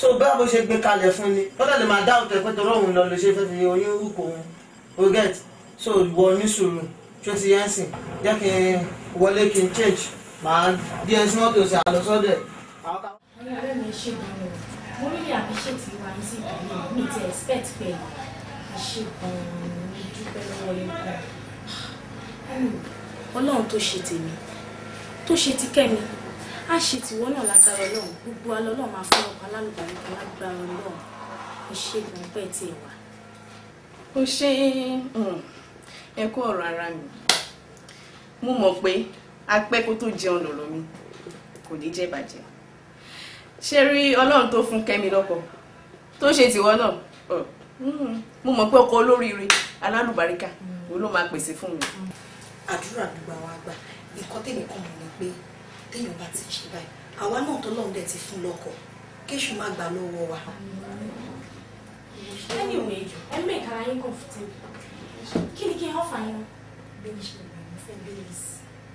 so bẹ́ẹ̀ bó ṣe gbé kalẹ̀ fún ni ó tẹ̀lé máa dá òtẹ̀ pé torí òun lọ lè ṣe fẹ́ fi oyún hùkọ̀ òun o get so ìwọ ní sùúrù tó ti yẹn sìn jẹ́ kí n wọlé kí n change màá bí ẹ súnmọ́ kí o sì àlọ́sọ́dẹ̀. ọ̀rẹ́ ọ̀rẹ́ mi ṣe gan-an mo rí àbíṣètì wa ní sí ìdílé mi ti expect pé ṣe gan-an ní dúpẹ́ lọ́wọ́ yẹn gan-an. ọlọ́run tó ṣe tèmi tó ṣe ti kẹ́mi á ṣe tìwọ náà lágbára ọlọ́run gbogbo alọ́lọ́run máa fún ọkọ̀ alálùbáríkà lágbára ọlọ́run ẹ ṣe gan-an bẹ́ẹ̀ tiẹ̀ wá. ó ṣe hmm, ẹ kú ọ̀rọ̀ ara mi mo mọ̀ pé apẹ́ kó tó jẹun lọ̀rọ̀ mi kò ní jẹ́ bàjẹ́ ṣé rí ọlọ́run tó fún kẹ́mi lọ́kọ tó ṣe tìwọ́ náà hmm, mo mọ̀ pé ọkọ olóríire alálùbáríkà hmm. òun ló máa pèsè fún mi. àdúrà àdúgbò àwọn àgbà nǹkan tèmi kàn mọ̀ ni pé téèyàn bá ti ṣe báyìí àwa náà tọ́lọ́run dẹ̀ ti fún lọ́kọ kéṣù má gbà lọ́wọ́ wa. anyway ẹ mẹ́ka ara yín comfortable kí ni kí n ọ́fà yín. bí mo ṣe lè mú fẹ́ bẹ́ẹ̀ sí.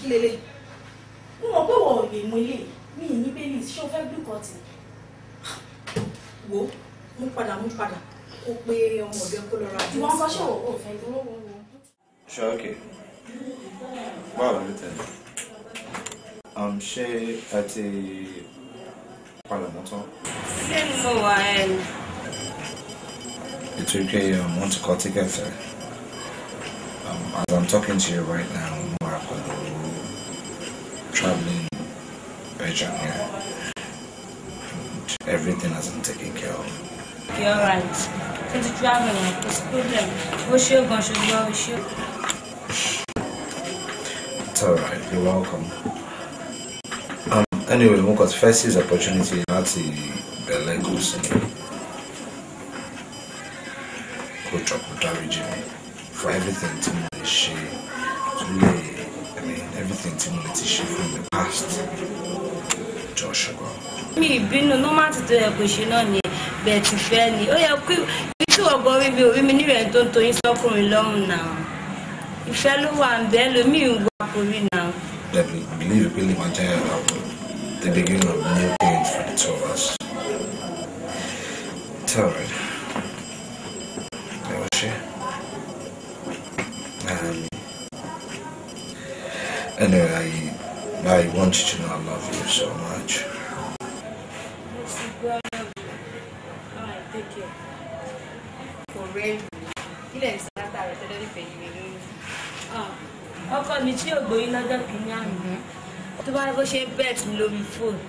kí lélẹ̀ mo mọ̀ pé wọ́n ò lè mú ilé mi ì ní bẹ́ẹ̀lì ṣé o fẹ́ blue cotton wo mú padà mú padà kó pé ọmọ ọ̀dọ́ kó lọ ra àti wọ́n kọ́ ṣe òwò fẹ́ dúró wọn wọ. ṣé okay báwo ló tẹ̀lé um, ṣé ẹ ti padà mọ́ tán. sílẹ̀ mo wà ẹ̀. It's okay, um, I want to call tickets. Um, as I'm talking to you right now, traveling bedroom here. And everything has been taken care of. You're right. Since you're traveling, it's problem. What's your gun? Should you always shoot? It's alright. You're welcome. Um, anyway, mo first is opportunity That's the kò sí mi. Kò jọ kò dáríjì for everything tí mo lè ṣe tó mi everything to me, lè ti from the past Joshua, me, Bruno, no matter to tó question, kó ṣe náà ni bẹ́ẹ̀ ti fẹ́ ni ó yẹ kí tí ọgọ orí mi orí mi nírẹ̀ tó ń toyín sọ́kùnrin lọ́rùn náà ìfẹ́ ló wà ń bẹ́ẹ̀ lómi ìwà orí náà. Debbie, believe really my dad up the beginning of a new game for the two of us. Tell her. I was here. And Anyway, I, I want you to know I love you so much. ọkọ mi tí yóò gbóyún lọ́jọ́ kìíní àná tó bá bó ṣe bẹ́ẹ̀tì mi lórí fóònù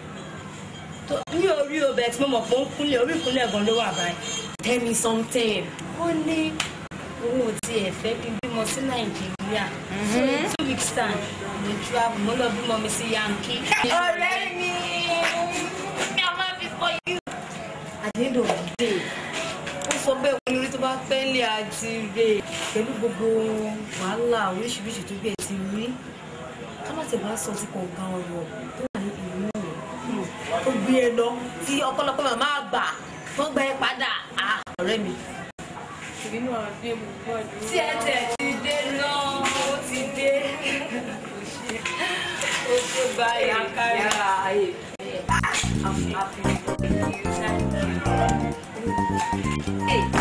tó ní orí o bẹ́ẹ̀tì mo mọ̀ pé ó ń kúnlẹ̀ orí ìkúnlẹ̀ gan ló wà báyìí tell me something ó ní òun ò tiẹ̀ fẹ́ kí n bímọ sí nàìjíríà so mhm. in two weeks time mo travel mo lọ bímọ mi sí yankee. ọ̀rẹ́ mi mi a máa fi fọ yìí. àdéhùn òdìdè ó sọ bẹ́ẹ̀ wọ́n lórí tó bá fẹ́ lé àti rè pẹ̀lú gbogbo wàhálà oríṣiríṣi tó gbé ti rí ká má tẹ̀wá sọ sí kọ̀ọ̀kan ọ̀rọ̀ tó wà ní ìlú rẹ̀ ó gbé e lọ tí ọ̀pọ̀lọpọ̀ màmá àgbà tó gbẹ padà ah, ọ̀rẹ́ mi. ìbínú ọ̀rọ̀ bí mo gbọ́ ìdúró. tí ẹ tẹ̀. Hey.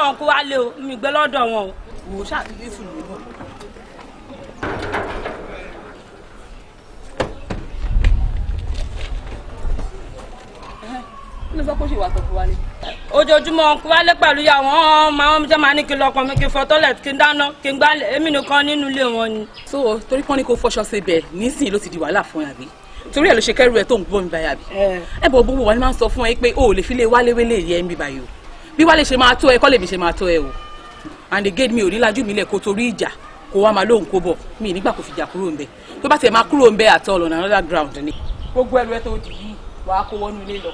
lọ́dọ̀ wọn kó wá lé o mi gbé lọ́dọ̀ wọn o. wò ó ṣàkíyè fún mi bọ̀. nínú sọ pé ó ṣe wà sọ fún ojoojúmọ́ kó wá lé pẹ̀lú ìyá wọn máa ń jẹ́ máa ní kí n lọ́kàn mi kí n fọ tọ́lẹ̀ kí n dáná kí n gbálẹ̀ èmi nìkan nínú ilé wọn ni. so torí pọ́n ní kó fọṣọ sí ibẹ̀ nísìnyí ló ti di wàhálà fún yàrá torí ẹ ló ṣe kẹrù ẹ tó ń gbọ́ mi báyà bí. Eh. ẹ bọ̀ gbogbo wa ni máa ń sọ fún ẹ pé o ò lè fi lè wálé wélé yẹ ẹ báyìí o bí wálé ṣe máa tó ẹ kọ́lé mi ṣe máa tó ẹ o and again mi ò ní lajú mi lẹ̀ kó torí ìjà kó wá máa lóhùn kó bọ̀ mi nígbà kó fìjà kúrò ńbẹ tó bá tiẹ̀ máa kúrò ńbẹ àtọ́ lọ́nà another ground ni. gbogbo ẹrù ẹ tó dì yìí wàá kó wọnú ilé lọ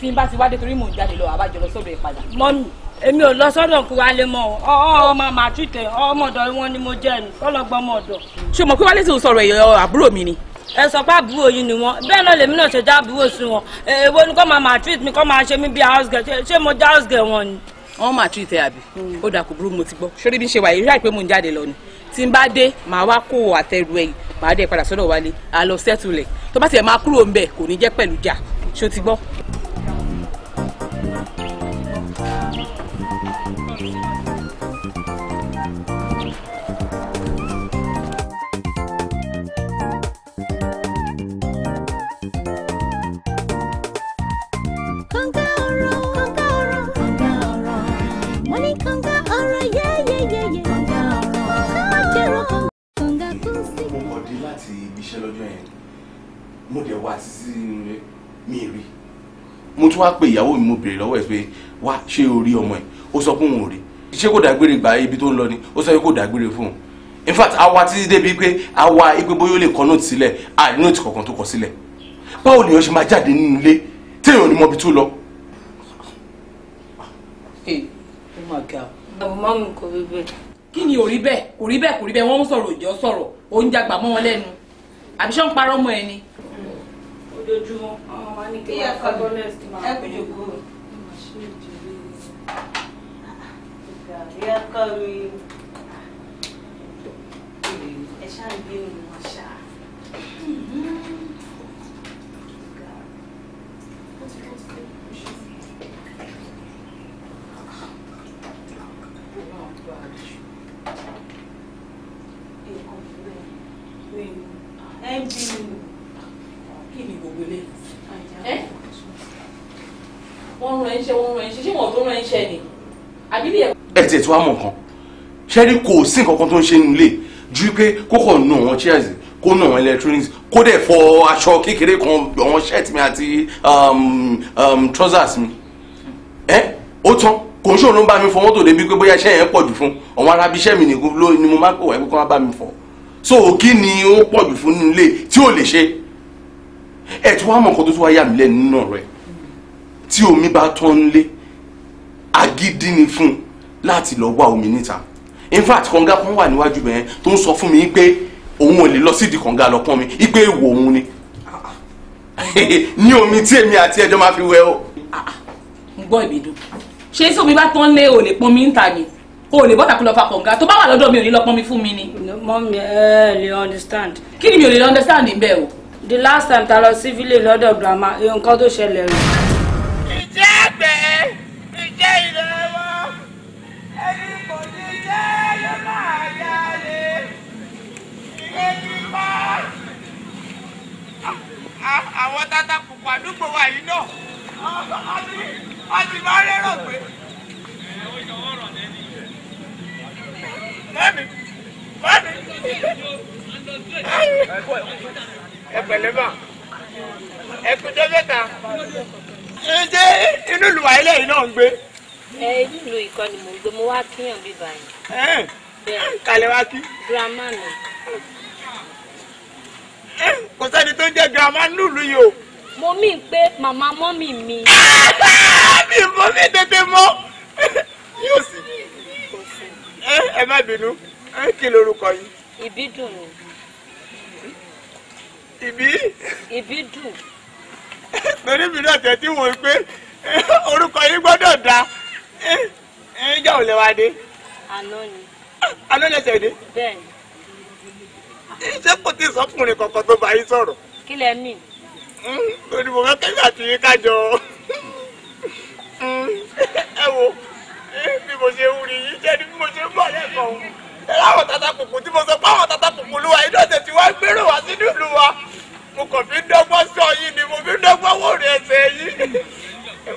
tí n bá ti wádé torí mò ń jáde lọ àbájọ lọ sọ́dọ̀ ẹ padà. mọ́mì èmi ò lọ sọ́dọ̀ kó wá lé mọ́ ọ ọmọ màtúntẹ̀ ọmọdọ̀ wọn ni mo jẹ́ ni kọ́lọ́gbọ́n mọ̀ọ́dọ̀. ṣé o mọ̀ pé wálé ti sọ̀rọ̀ ẹ̀yọ àbúrò mi ni ẹ sọ pé àbúrò yìí ni wọn bẹ́ẹ̀ náà lèmi náà ṣe já àbúrò sí wọn èwo ni kò máa máa treat mi kò máa ṣe mí bí house girl ṣé mo já house girl wọn ni. wọn máa treat ẹ àbí ó dà kó burú mo ti gbọ́ sórí bí ń ṣe wà yìí rí àìpé mò ń jáde lọ ni tí n bá dé màá wá kó àtẹrù ẹ̀yìn màá dé padà sọ́dọ̀ wálé àlọ sẹtùlẹ tó bá tiẹ̀ máa kúrò ńbẹ̀ kò ní jẹ́ pẹ̀lú jà ṣó ti gbọ́. wá pé ìyàwó mi mo béèrè lọ́wọ́ ẹ̀ pé wá ṣé o rí ọmọ ẹ̀ ó sọ pé òun ò rí ṣé kò dágbére gba ibi tó ń lọ ni ó sọ pé kò dágbére fún un in fact àwa títí débi pé àwa ipe bóyá ó lè kọ nóòtù sílẹ̀ àì nóòtù kankan tó kọ sílẹ̀ báwo lèèyàn ṣe máa jáde nínú ilé téèyàn ò ní mọbi tó lọ. àbùmọ́ mi kò rí bẹ́ẹ̀. kí ni òrí bẹ́ẹ̀ òrí bẹ́ẹ̀ kò rí bẹ́ẹ̀ wọ́n ń sọ̀rọ̀ òjò sọ̀rọ̀ oúnjẹ àgbà wọn lẹ́nu àbí ń parọ́ mọ́ ẹni ojoojúmọ́ àwọn máa ní kí wọ́n kábọ́ next máa pè é kú. ìyá kọ́ mi ẹ ṣáà ń bí mi wọ́n ṣá. Thank you gbogbo ilé wọ́n rán ẹṣẹ́ wọ́n rán ẹṣẹ́ ṣé wọ́n tó rán ẹṣẹ́ ni àbí ilé ẹ̀kọ́. ẹ tiẹ̀ tí wàá mọ̀ kan ṣẹ́rí kò sí nǹkan kan tó ń ṣe nílé ju pé kókò nù wọn chairs kó nà wọn electronics kó dẹ̀ fọ aṣọ kékeré kan àwọn shirt mi àti um, um, trousers mi ẹ ó tán kò ń ṣòro ń bá mi fọ mọ́tò débi pé bóyá iṣẹ́ yẹn pọ̀ jù fún àwọn arábíṣẹ́ mi ni mo máa ń pè wá pé kó wá bá mi fọ so kí ni ó pọ̀ jù fún nílé tí ò lè ṣe ẹ tí wàá mọ nǹkan tó tún wá yà mí lẹ́nu náà rẹ tí omi bá tán lé agídí ni fún un láti lọ wá omi níta in fact kànga kan wà níwájú bẹ́ẹ̀ tó ń sọ fún mi pé òun ò lè lọ sídìí kànga lọ pọ́n mi ipe èèwọ̀ òun ni *laughs* ní omi tí èmi àti ẹjọ́ máa fi wẹ o. n gbọ́ ìbídùn ṣé tí omi bá tán lé o lè pọn mi ń ta ni o lè bọ́ta kó lọ fa kànga tó bá wà lọ́dọ̀ mi ò ní lọ pọn mi fún mi ni. mọ mi ẹ lè understand. kí ni mi ò lè understand bẹ́ẹ̀ o the last time ta lọ sí village lọ́dọ̀ grandma nǹkan tó ṣẹlẹ̀ rẹ̀. ìjẹ́ àgbẹ̀ ìjẹ́ ìrànwọ́ ẹni kò ní jẹ́ ló máa yá lé ilé kíkọ́. àwọn tata pupa àdúgbò wa yìí náà wọ́n ti máa rẹ́rọ̀ pé. mami mami ẹ̀pẹ̀lẹ́ mà ẹ̀kúndé mẹ́ta ṣé inú ìlú àìlẹ́ yìí náà ń gbé. ẹ inú ìlú ìkọ́ ni mò ń gbé mo wá kíyàn bí báyìí. kàlẹ́ wá kí. girama nù. kò sẹ́ni tó ń jẹ́ girama nílùú yìí o. mo mí pé màmá mọ́mì mi. *laughs* mi mọ́ mi tètè mọ́ *laughs* yóò sì. ẹ má bínú kí lorúkọ yín. ìbídùn mi ìbí. ìbí dùn. torí mi náà tẹ́tí wò ó pé eh, orúkọ yín gbọ́dọ̀ da ẹ̀yìn ìjà ò lè wá dé. àná ni. àná ni ẹsẹ̀ dé. bẹ́ẹ̀ni. iṣẹ́ kò tí ì sọ́kùnrin kankan tó bá yín sọ̀rọ̀. kí lẹ mí. lórí hmm, mo fẹ́ kẹ́kẹ́ àti yín kájọ hmm, ẹ wo eh, bí mo ṣe ń rí yín jẹ́ ni bí mo ṣe ń bọ̀ lẹ́kọ̀ọ́ láwọn tata kùkù tí mo sọ pé àwọn tata kùkù lúwa inú ọ̀sẹ̀ tí wọ́n gbèrò wá sínú ìlú wa mo kàn fi ń dọ́gbọ́n sọ yín ni mo fi ń dọ́gbọ́n wò rí ẹsẹ̀ yín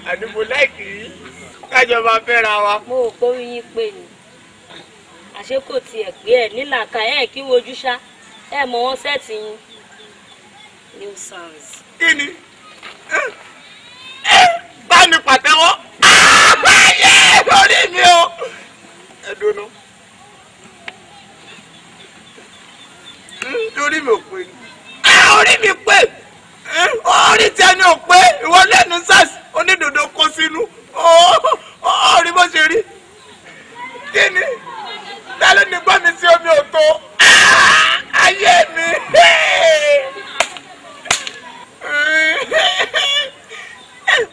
àní mo láìkì yín kájọba fẹ́ra wa. mo ò kó yín pé ni àṣé kò tiẹ̀ pé ẹ̀ nílàka ẹ̀ kí wojú ṣá ẹ̀ mọ wọn sẹ́ẹ̀tì yín new songs. kí ni bá mi pàtẹ́wọ́ àbáyé lórí mi o ẹ̀dùnú. lórí mi ò pé ni. orí mi pé orí tí a ò pé ìwọ lẹ́nu sars onídòdó kó sínú orí bó ṣe rí kí ni tẹ́lẹ̀ ní gbọ́ mi sí omi òtó ayé mi.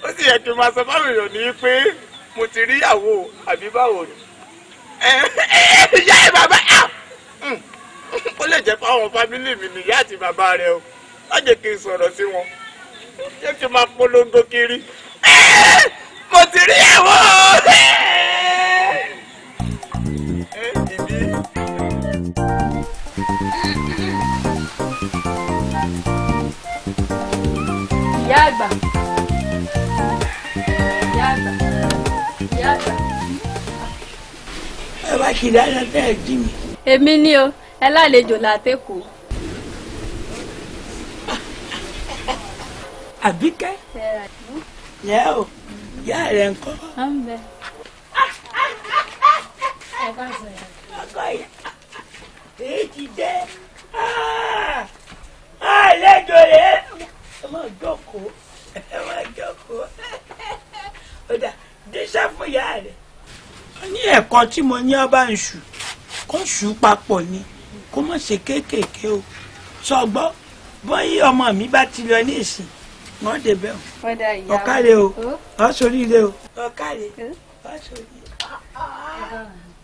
ó sì yẹ kí n máa sọ fáwọn èèyàn ní pé mo ti rí ìyàwó àbí báwo ni. ìyá ẹ ó lè jẹ́ fáwọn fámílì mi nìyá àti bàbá rẹ o má jẹ́ kí n sọ̀rọ̀ sí wọn ṣé kí n máa polongo kiri mo ti rí ẹ̀wọ̀n. ìyá àgbà ìyá àgbà ìyá àgbà. ẹ bá kiri ara tẹ́ ẹ jí mi. èmi ni o ẹ lálejò látẹ̀kọ́. àbíkẹ́ yẹ o yá rẹ ń kọ́. ọkọ yà èyí ti dé ah, àlejò rẹ ẹ máa jókòó ẹ máa jókòó ọ̀dà díṣà fún yá rẹ. ó ní ẹ̀kọ́ tí mo ní ọba ń ṣù kó ṣù papọ̀ ni kó má ṣe kéékèèké o sọgbọ́ bọ́yì ọmọ mi bá ti lọ ní ìsìn wọ́n débẹ̀ o ọ̀kàlẹ̀ o ọ̀ṣọ́ríire o ọ̀kàlẹ̀ ọ̀ṣọ́ríire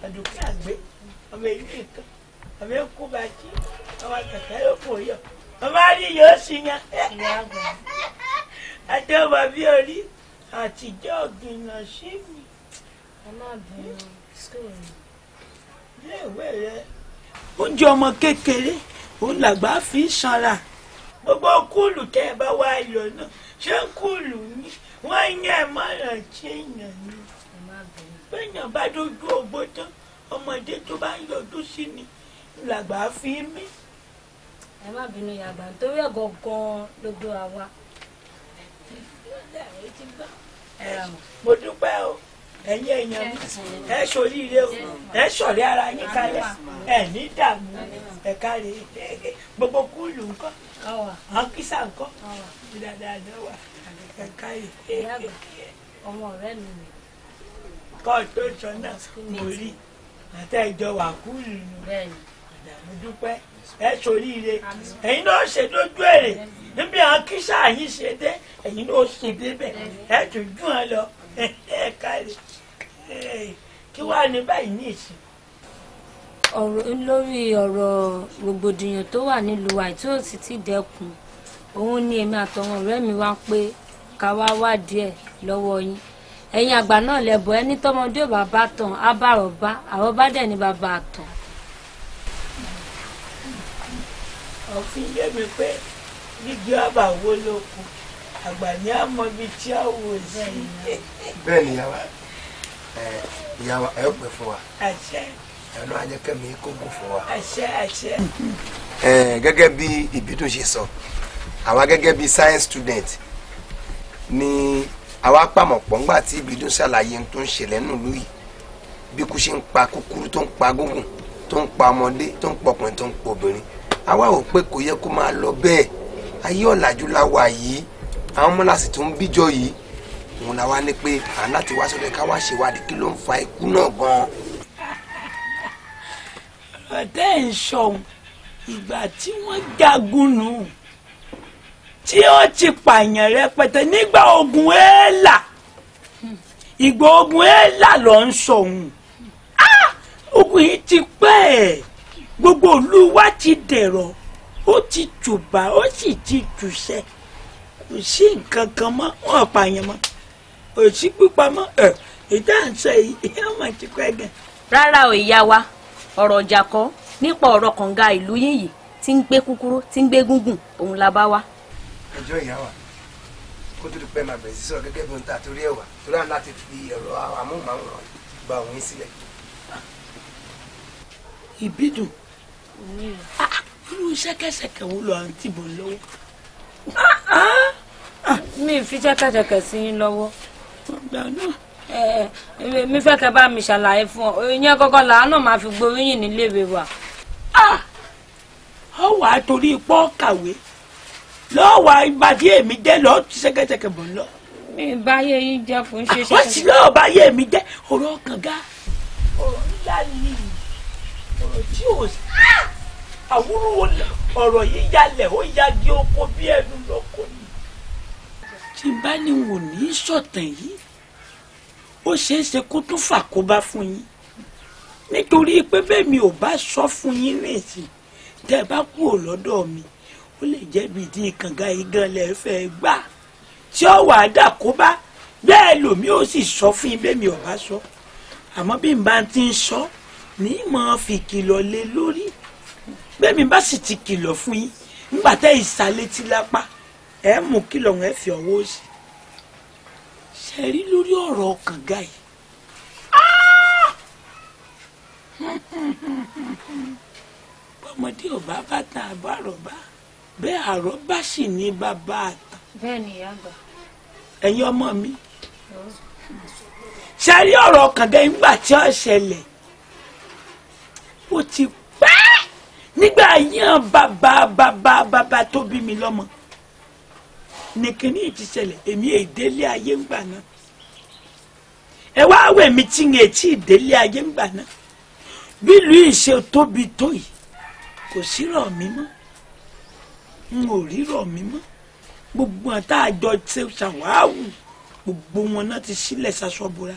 àdùkú àgbẹ̀ ọmọ ìlú ìtàn ọmọ ẹkú bàjẹ́ ọmọ kẹ̀kẹ́ ló kò yọ ọmọ àlè yóò sì yan àti ọmọ bí orí àtijọ́ ọ̀gbìnà sí mi. ọmọ àbí skul. ilé ìwé rẹ oúnjẹ ọmọ kékeré òun làgbà fi ń sanra gbogbo kúlù tẹ́ ẹ bá wá yọ náà ṣé kúlù ni wọ́n yẹ mọ́ràn tí èèyàn ni bẹ́ẹ̀yàn bá dojú ògbó tán ọmọdé tó bá ń yọdún sí ni làgbà fi ń mí. ẹ má bínú yàgbà nítorí ẹ̀gọ́ gan-an ló gbé wa wá. mo dúpẹ́ o ẹ̀yin èèyàn mi ẹ ṣoríire o ẹ ṣọ̀rẹ́ ara yín kalẹ̀ ẹ ní dààmú ẹ káre gbogbo kúlù ńkọ́ àwọn kísà ńkọ́ dáadáa wà ẹ káre. ọmọ ọ̀rẹ́ mi ni. kọ́ ọ tó sọ náà mo rí àtẹ̀jọ wà kúlù nù àdàmú dúpẹ́ ẹ ṣoríire ẹ̀yin náà ṣe lójú èrè níbi àwọn kísà yín ṣe dé ẹ̀yin náà ṣe débẹ̀ ẹ tún dùn án lọ *laughs* ẹ káre kí wàá ní báyìí ní ìsìn. lórí ọ̀rọ̀ rògbòdìyàn tó wà nílùú wa tí ò sì ti dẹ́kun òun ni èmi àtọwọn ọ̀rẹ́ mi wá pé ká wá wá díẹ̀ lọ́wọ́ yín ẹ̀yin àgbà náà lẹ́bọ̀ ẹni tọmọdé bàbá tàn á bá àròbá àròbá dẹ̀ ni bàbá àtàn. òfin yé mi pé gígé ọba wo ló kù àgbà ní àmọ́ bíi tí a wò sí. bẹ́ẹ̀ yàrá ìyá wa ẹ pè fún wa ẹnu ajẹkẹmi kó gùn fún wa. gẹ́gẹ́ bí ìbí tó ṣe sọ àwa gẹ́gẹ́ bi science student ni àwa pàmò pọ̀ ńgbà tí ìbí dùn ṣàlàyé tó ń ṣẹlẹ̀ nílùú yìí bí kú ṣe ń pa kúkúrú tó ń pa gúngùn tó ń pa ọmọdé tó ń pọkùnrin tó ń pọ obìnrin àwa ò pé kò yẹ kó máa lọ bẹ́ẹ̀ ayé ọ̀làjú la wà yìí àwọn ọmọ làsì tó ń bíjọ yìí òun náà wá ní pé à ń láti wá sọ́dọ̀ ká wá ṣèwádìí kí ló ń fa ikú náà gan. ọ̀tẹ́ ń sọ̀hún ìgbà tí wọ́n jagun nù tí ó ti pààyàn rẹpẹtẹ nígbà ogun èèlà ìgbà ogun èèlà ló ń sọ̀hún ah! ogun yìí ti pẹ́ ẹ̀ gbogbo ìlú wa ti dẹ̀rọ̀ ó ti tùbà ó sì ti tùṣẹ́ kò sí nǹkan kan mọ́ wọn pààyàn òsì pípamọ́ ẹ̀ ìjà ń sọ ìyá ọmọ ti pẹ́ gan. rárá o ìyá wa ọ̀rọ̀ ọjà kan nípa ọ̀rọ̀ kànga ìlú yín yìí tí ń gbé kúkúrú tí ń gbé gúngùn òun la bá wa. ẹjọ́ ìyá wa kó tó di pẹ́ máa bẹ̀rẹ̀ sí bí ohun tá a torí ẹ̀wà torí à ń láti fi ẹ̀rọ amóhùnmáwòrán gba òun yín sílẹ̀. ìbídùn ah, irú ṣẹ́kẹ́ṣẹkẹ̀ wo lọ à ń tìbọn ah, ah, mi ì fi ṣẹ́kẹ́ṣẹkẹ̀ sí yín lọ́wọ́ ìgbà náà. ẹ mi fẹ́ kẹ́ bá mi ṣàlàyé fún ọ ìyẹn kọ́kọ́ làánà máa fi gboríyìn níléèwé wa. ọ wàá torí pọ́ kàwé lọ́wọ́ ìbàdí èmi dé lọ́ọ́ ṣẹ́kẹ́ṣẹkẹ̀ bọ̀ lọ. mi báyé yín jẹ́ fún ṣe ṣe. àkọsí lọ́wọ́ báyé mi dé ọ̀rọ̀ kànga ọ̀rọ̀ ńlá ni ọ̀rọ̀ tí ò sí àwúrò ọ̀rọ̀ yìí yalẹ̀ ó yagi oko bí ẹnu lọ́kọ̀ọ́ tí bá ní wò ní ṣọ̀tàn yìí ó ṣeé ṣe kó tún fàkóbá fún yín nítorí pé bẹ́ẹ̀ mi ò bá sọ fún yín nìsín tẹ́ ẹ bá kúrò lọ́dọ̀ mi ó lè jẹ́ bí ìdí kànga yìí gan lẹ́ fẹ́ gbà tí ó wàá dà kó bá bẹ́ẹ̀ lòmí ó sì sọ fún yín bẹ́ẹ̀ mi ò bá sọ àmọ́ bí n bá ti ń sọ ní mọ̀ fi kìlọ̀ lé lórí bẹ́ẹ̀ mi bá sì ti kìlọ̀ fún yín nígbà tẹ́ ìsàlẹ̀ ti lápá. e mu kí ẹ fi ọwọ́ sí ṣe rí lórí ọ̀rọ̀ yìí ah! *laughs* ọmọdé ọba bàtà àbárọ̀bá bẹ́ẹ̀ àrọ́bá sì ní bàbá àtàn. bẹ́ẹ̀ ìyá àgbà. ọmọ mi ṣe rí ọ̀rọ̀ tí ó ṣẹlẹ̀ ó ti pẹ́ nígbà yẹn bàbá bàbá bàbá tó nìkan ní ìtì ṣẹlẹ̀ èmi èdélé ayé ń gbà náà ẹ wá wẹ̀ mi tí ń etí ìdélé ayé ń gbà náà bí ìlú ìṣe tóbi tó yìí kò sí rọ̀ mí mọ́ n ò rí rọ̀ mí mọ́ gbogbo wọn tá ṣe ṣàwáwù gbogbo wọn náà ti sílẹ̀ ṣaṣọ́bùra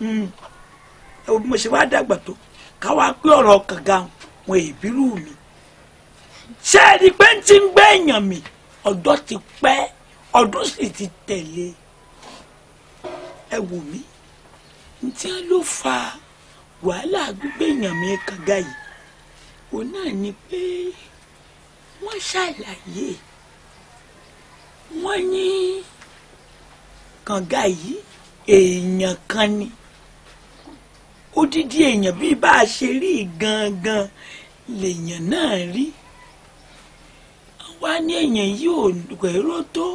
hmm. ẹ bí mo ṣe wá dàgbà tó káwá pé ọ̀rọ̀ kànga wọn èbírù mi ṣé ẹni pé ń ti ń gbé èèyàn mi ọjọ́ ti pẹ́ ọdún sì ti tẹ̀lé ẹ wò mí ntí ló fa wàhálà gbígbéyàn mi kàga yìí òun náà ni pé wọ́n ṣàlàyé wọ́n ní kànga yìí èèyàn kan ni odidi èèyàn bíi bá a ṣe rí gangan lèèyàn náà rí wá ní èèyàn yìí ò gbèrò tó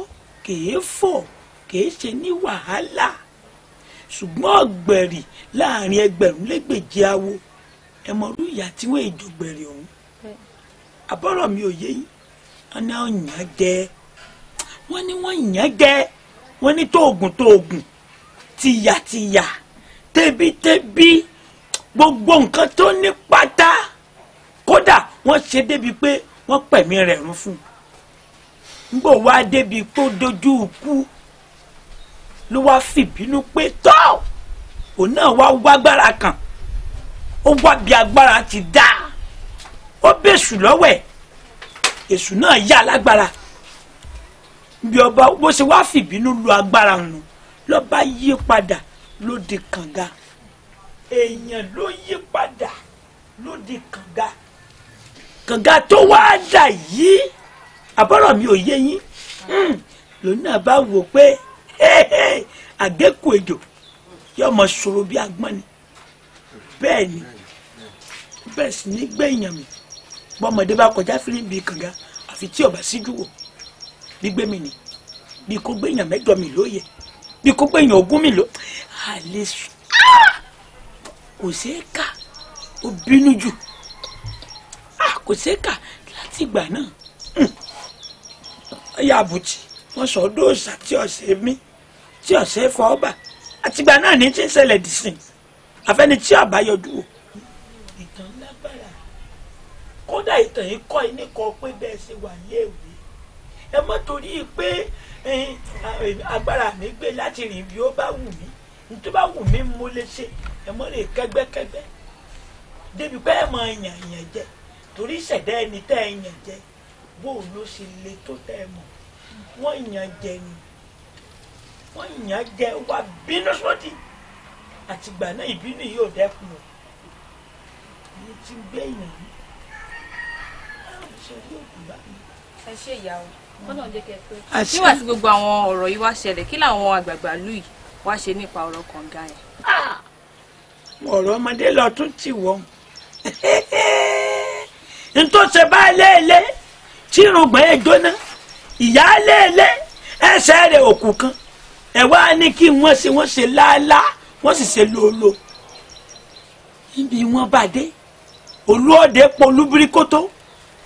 kèé fò kèé ṣe ní wàhálà ṣùgbọ́n ọ̀gbẹ̀rì láàrin ẹgbẹ̀rún lẹ́gbèje awo ẹ mọ̀rú ìyá tí wọ́n èjò gbẹ̀rì ọ̀hún àbọ̀rọ̀ mi ò yé yín wọn ní wọ́n yàn wọ́n ní wọ́n yàn jẹ́ wọ́n ní tóògùn tóògùn tìyàtìyà tẹ́bítẹ́bí gbogbo nǹkan tó ní pátá kódà wọ́n ṣe débi pé wọ́n pẹ̀mí rẹ̀ rún fún un ngbò wá débi pé ó dojú ikú ló wá fìbínú pé tọ́ òun náà wá wágbára kan ó wá bí agbára ti dá ó bẹ̀sù lọ́wọ́ ẹ̀ èṣù náà yà lágbára bí ọba bó ṣe wá fìbínú lu agbára nù lọ́ba yí padà ló di kànga èèyàn ló yí padà ló kànga kànga tó wá dà yìí àbọ̀rọ̀ mi ò yé yín hmm. lòun náà bá wò pé àgékù ejò yóò mọ ṣòro bí agbọ́n ni bẹ́ẹ̀ ni bẹ́ẹ̀ sì ní gbẹ̀yìn mi bọ́mọdé bá kọjá fílíǹbì kànga àfi tí ọba síjú wò gbígbé mi ni bí kò gbẹ̀yìn mẹ́jọ mi lóye bí kò gbẹ̀yìn ogún mi ló àlè ah! kò ṣeé kà ó bínú jù ah! kò ṣeé kà láti ìgbà náà yàbùtì wọn sọ dóòsà tí ọ̀sẹ̀ mí tí ọ̀sẹ̀ fọ ọba àtìgbà náà ní tí ń ṣẹlẹ̀ dì sí àfẹ́ni tí àbáyọjú o. ìtàn lágbára kódà ìtàn yìí kọ́ iní kan pé bẹ́ẹ̀ ṣe wà léèwé ẹ mọ́ torí pé agbára mi gbé láti rìn bí ó bá wù mí ní tó bá wù mí mo lè ṣe ẹ mọ́ lè kẹ́gbẹ́kẹ́gbẹ́ débi pé ẹ mọ ìyàn ìyàn jẹ torí ìṣẹ̀dá ẹni tẹ́ ìyàn jẹ bó o ló ṣe le tó tẹ́ ẹ mọ̀ wọ́n yàn jẹ ni wọ́n yàn jẹ wá bínú sódì àtìgbà náà ìbínú yìí ò dẹ́kun o mo ti gbé ìyàn mi báwo ṣe rí òkú bá mi. ẹ ṣe ìyàwó wọn mm. náà jẹ kẹ pé. níwà tí gbogbo àwọn ọ̀rọ̀ yìí wá ṣẹlẹ̀ kí làwọn àgbààgbà lù yìí wá ṣe nípa ọ̀rọ̀ kànga yẹn. Ah! ọ̀rọ̀ ọmọdé lọ tún tì wọ́n *laughs* n tó ṣe bá lé lé tí irùngbọ̀n ẹ̀ jóná ìyáálélé ẹsẹ̀ rẹ̀ òkú kan ẹ̀ wá ní kí wọ́n ṣe wọ́n ṣe láálàá wọ́n sì ṣe lóòlò níbi wọ́n bá dé olóòdè pọ̀ lúbíríkótó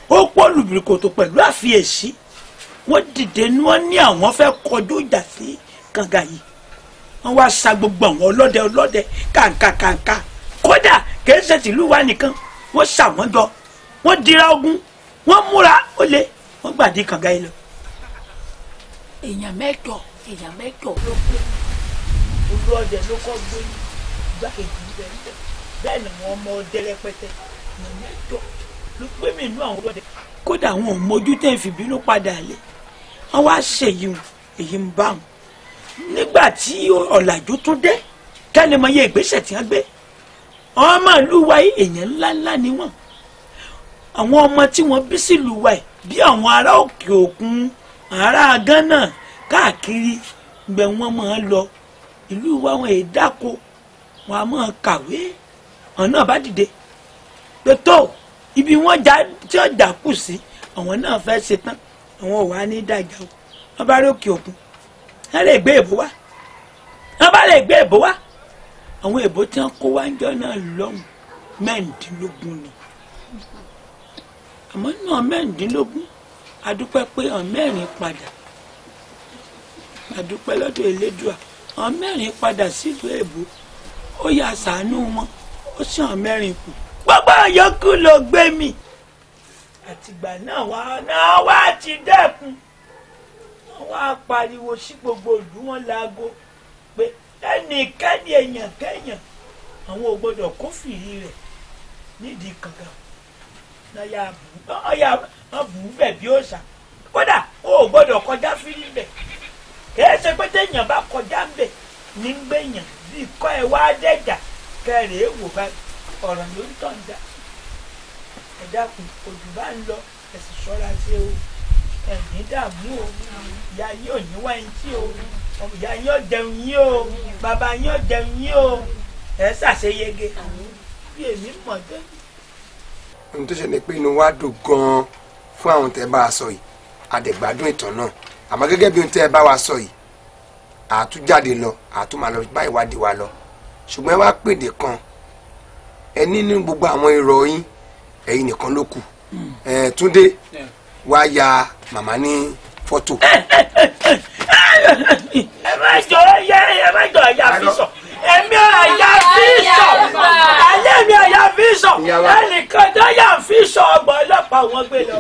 ó pọ̀ lúbíríkótó pẹ̀lú àfiyèsí wọ́n dìde ní wọ́n ní àwọn fẹ́ kọjú ìjà sí kànga yìí wọ́n wá sa gbogbo àwọn ọlọ́dẹ ọlọ́dẹ kàǹkà kàǹkà kódà kèéṣe tìlú wa nìkan wọ́n ṣàwọn jọ wọ́n dira ogun wọ́n múra ó lé wọ́n gbàdé kànga yìí lọ. èèyàn mẹ́jọ èèyàn mẹ́jọ ló kó olú ọdẹ ló kọ́ gbé gbákejì rẹ̀ bẹ́ẹ̀ ni wọ́n mọ ọdẹ rẹpẹtẹ èèyàn mẹ́jọ ló gbé mi inú àwọn ọdẹ. kódà àwọn ò mójú tẹ́ ìfìbínú padà lé wọ́n wá ṣèyí èyí ń bá wọn nígbà tí ọ̀làjú tún dé kẹ́ni mọ iye ìgbésẹ̀ tí wọ́n gbé wọ́n máa lúwa èèyàn ńláńlá ni wọ́n àwọn ọmọ tí wọ́n bí sílùú wa bí àwọn ará òkè òkun ará Ghana káàkiri gbẹ wọn máa lọ ìlú wa wọn èé dáko wọn a máa kàwé àwọn náà bá dìde pé tó ibi wọn já tí ọjà kù sí àwọn náà fẹ́ ṣe tán àwọn wà ní ìdájà o wọn bá rí òkè òkun wọn lè gbé èbó wá wọn bá lè gbé èbó wá àwọn èbó tí wọn kó wá ń jọ náà lọ́hùn mẹ́rìndínlógún ni àmọ́ inú ọmọ mẹ́rìndínlógún a dúpẹ́ pé ọmọ mẹ́rin padà a dúpẹ́ lọ́dọ̀ Elédùà ọmọ mẹ́rin padà sílùú èbó ó yà sàánú wọn ó sì hàn kù gbogbo àyọkù ló gbé mi àtìgbà náà wá náà wá ti dẹ́kun wọ́n wá pariwo sí gbogbo ìlú wọn láago pé ẹnìkẹ́ni èèyàn kẹ́yàn àwọn ò gbọ́dọ̀ kófìrí rẹ̀ nídìí kankan ọyà ya, bù ú bẹ̀ bí òòṣà kódà o ò gbọ́dọ̀ kọjá fílí bẹ̀ kìí ṣe pé téèyàn bá kọjá ń bẹ̀ ní gbẹ̀yàn bí kọ́ ẹ wá dẹ́jà kẹrìí èèwò bá ọ̀rọ̀ ló ń tàn já ẹ dákun òjò bá ń lọ ẹ̀sìn ṣọ́ra sí o ẹ̀mí dààmú o ìyá yín ò ní wá ẹni tí o ìyá yín ò jẹun yín o bàbá yín ò jẹun yín o ẹ̀ ṣàṣeyege bí èmi mọ̀ dẹ́nu ohun tó ṣẹlẹ̀ pé inú wa dùn gan-an fún àwọn tẹ́ bá a sọ yìí àdẹ̀gbádùn ìtàn náà àmọ́ gẹ́gẹ́ bí ohun tẹ́ bá wa sọ yìí àtújáde lọ àtúmọ̀ lọ bá ìwádìí wa lọ ṣùgbọ́n ẹ wá pèdè kan ẹ nínú gbogbo àwọn irọ́ yín ẹ̀yin nìkan ló kù ẹ Túndé wá ya màmá ní fọ́tò. ẹ má jọ ẹ má jọ ẹ yà fi sọ èmi àyà fíṣọ̀ alẹ́ mi àyà fíṣọ̀ ẹnìkan dáyà fíṣọ̀ ọgbà ọlọ́pàá wọn gbé lọ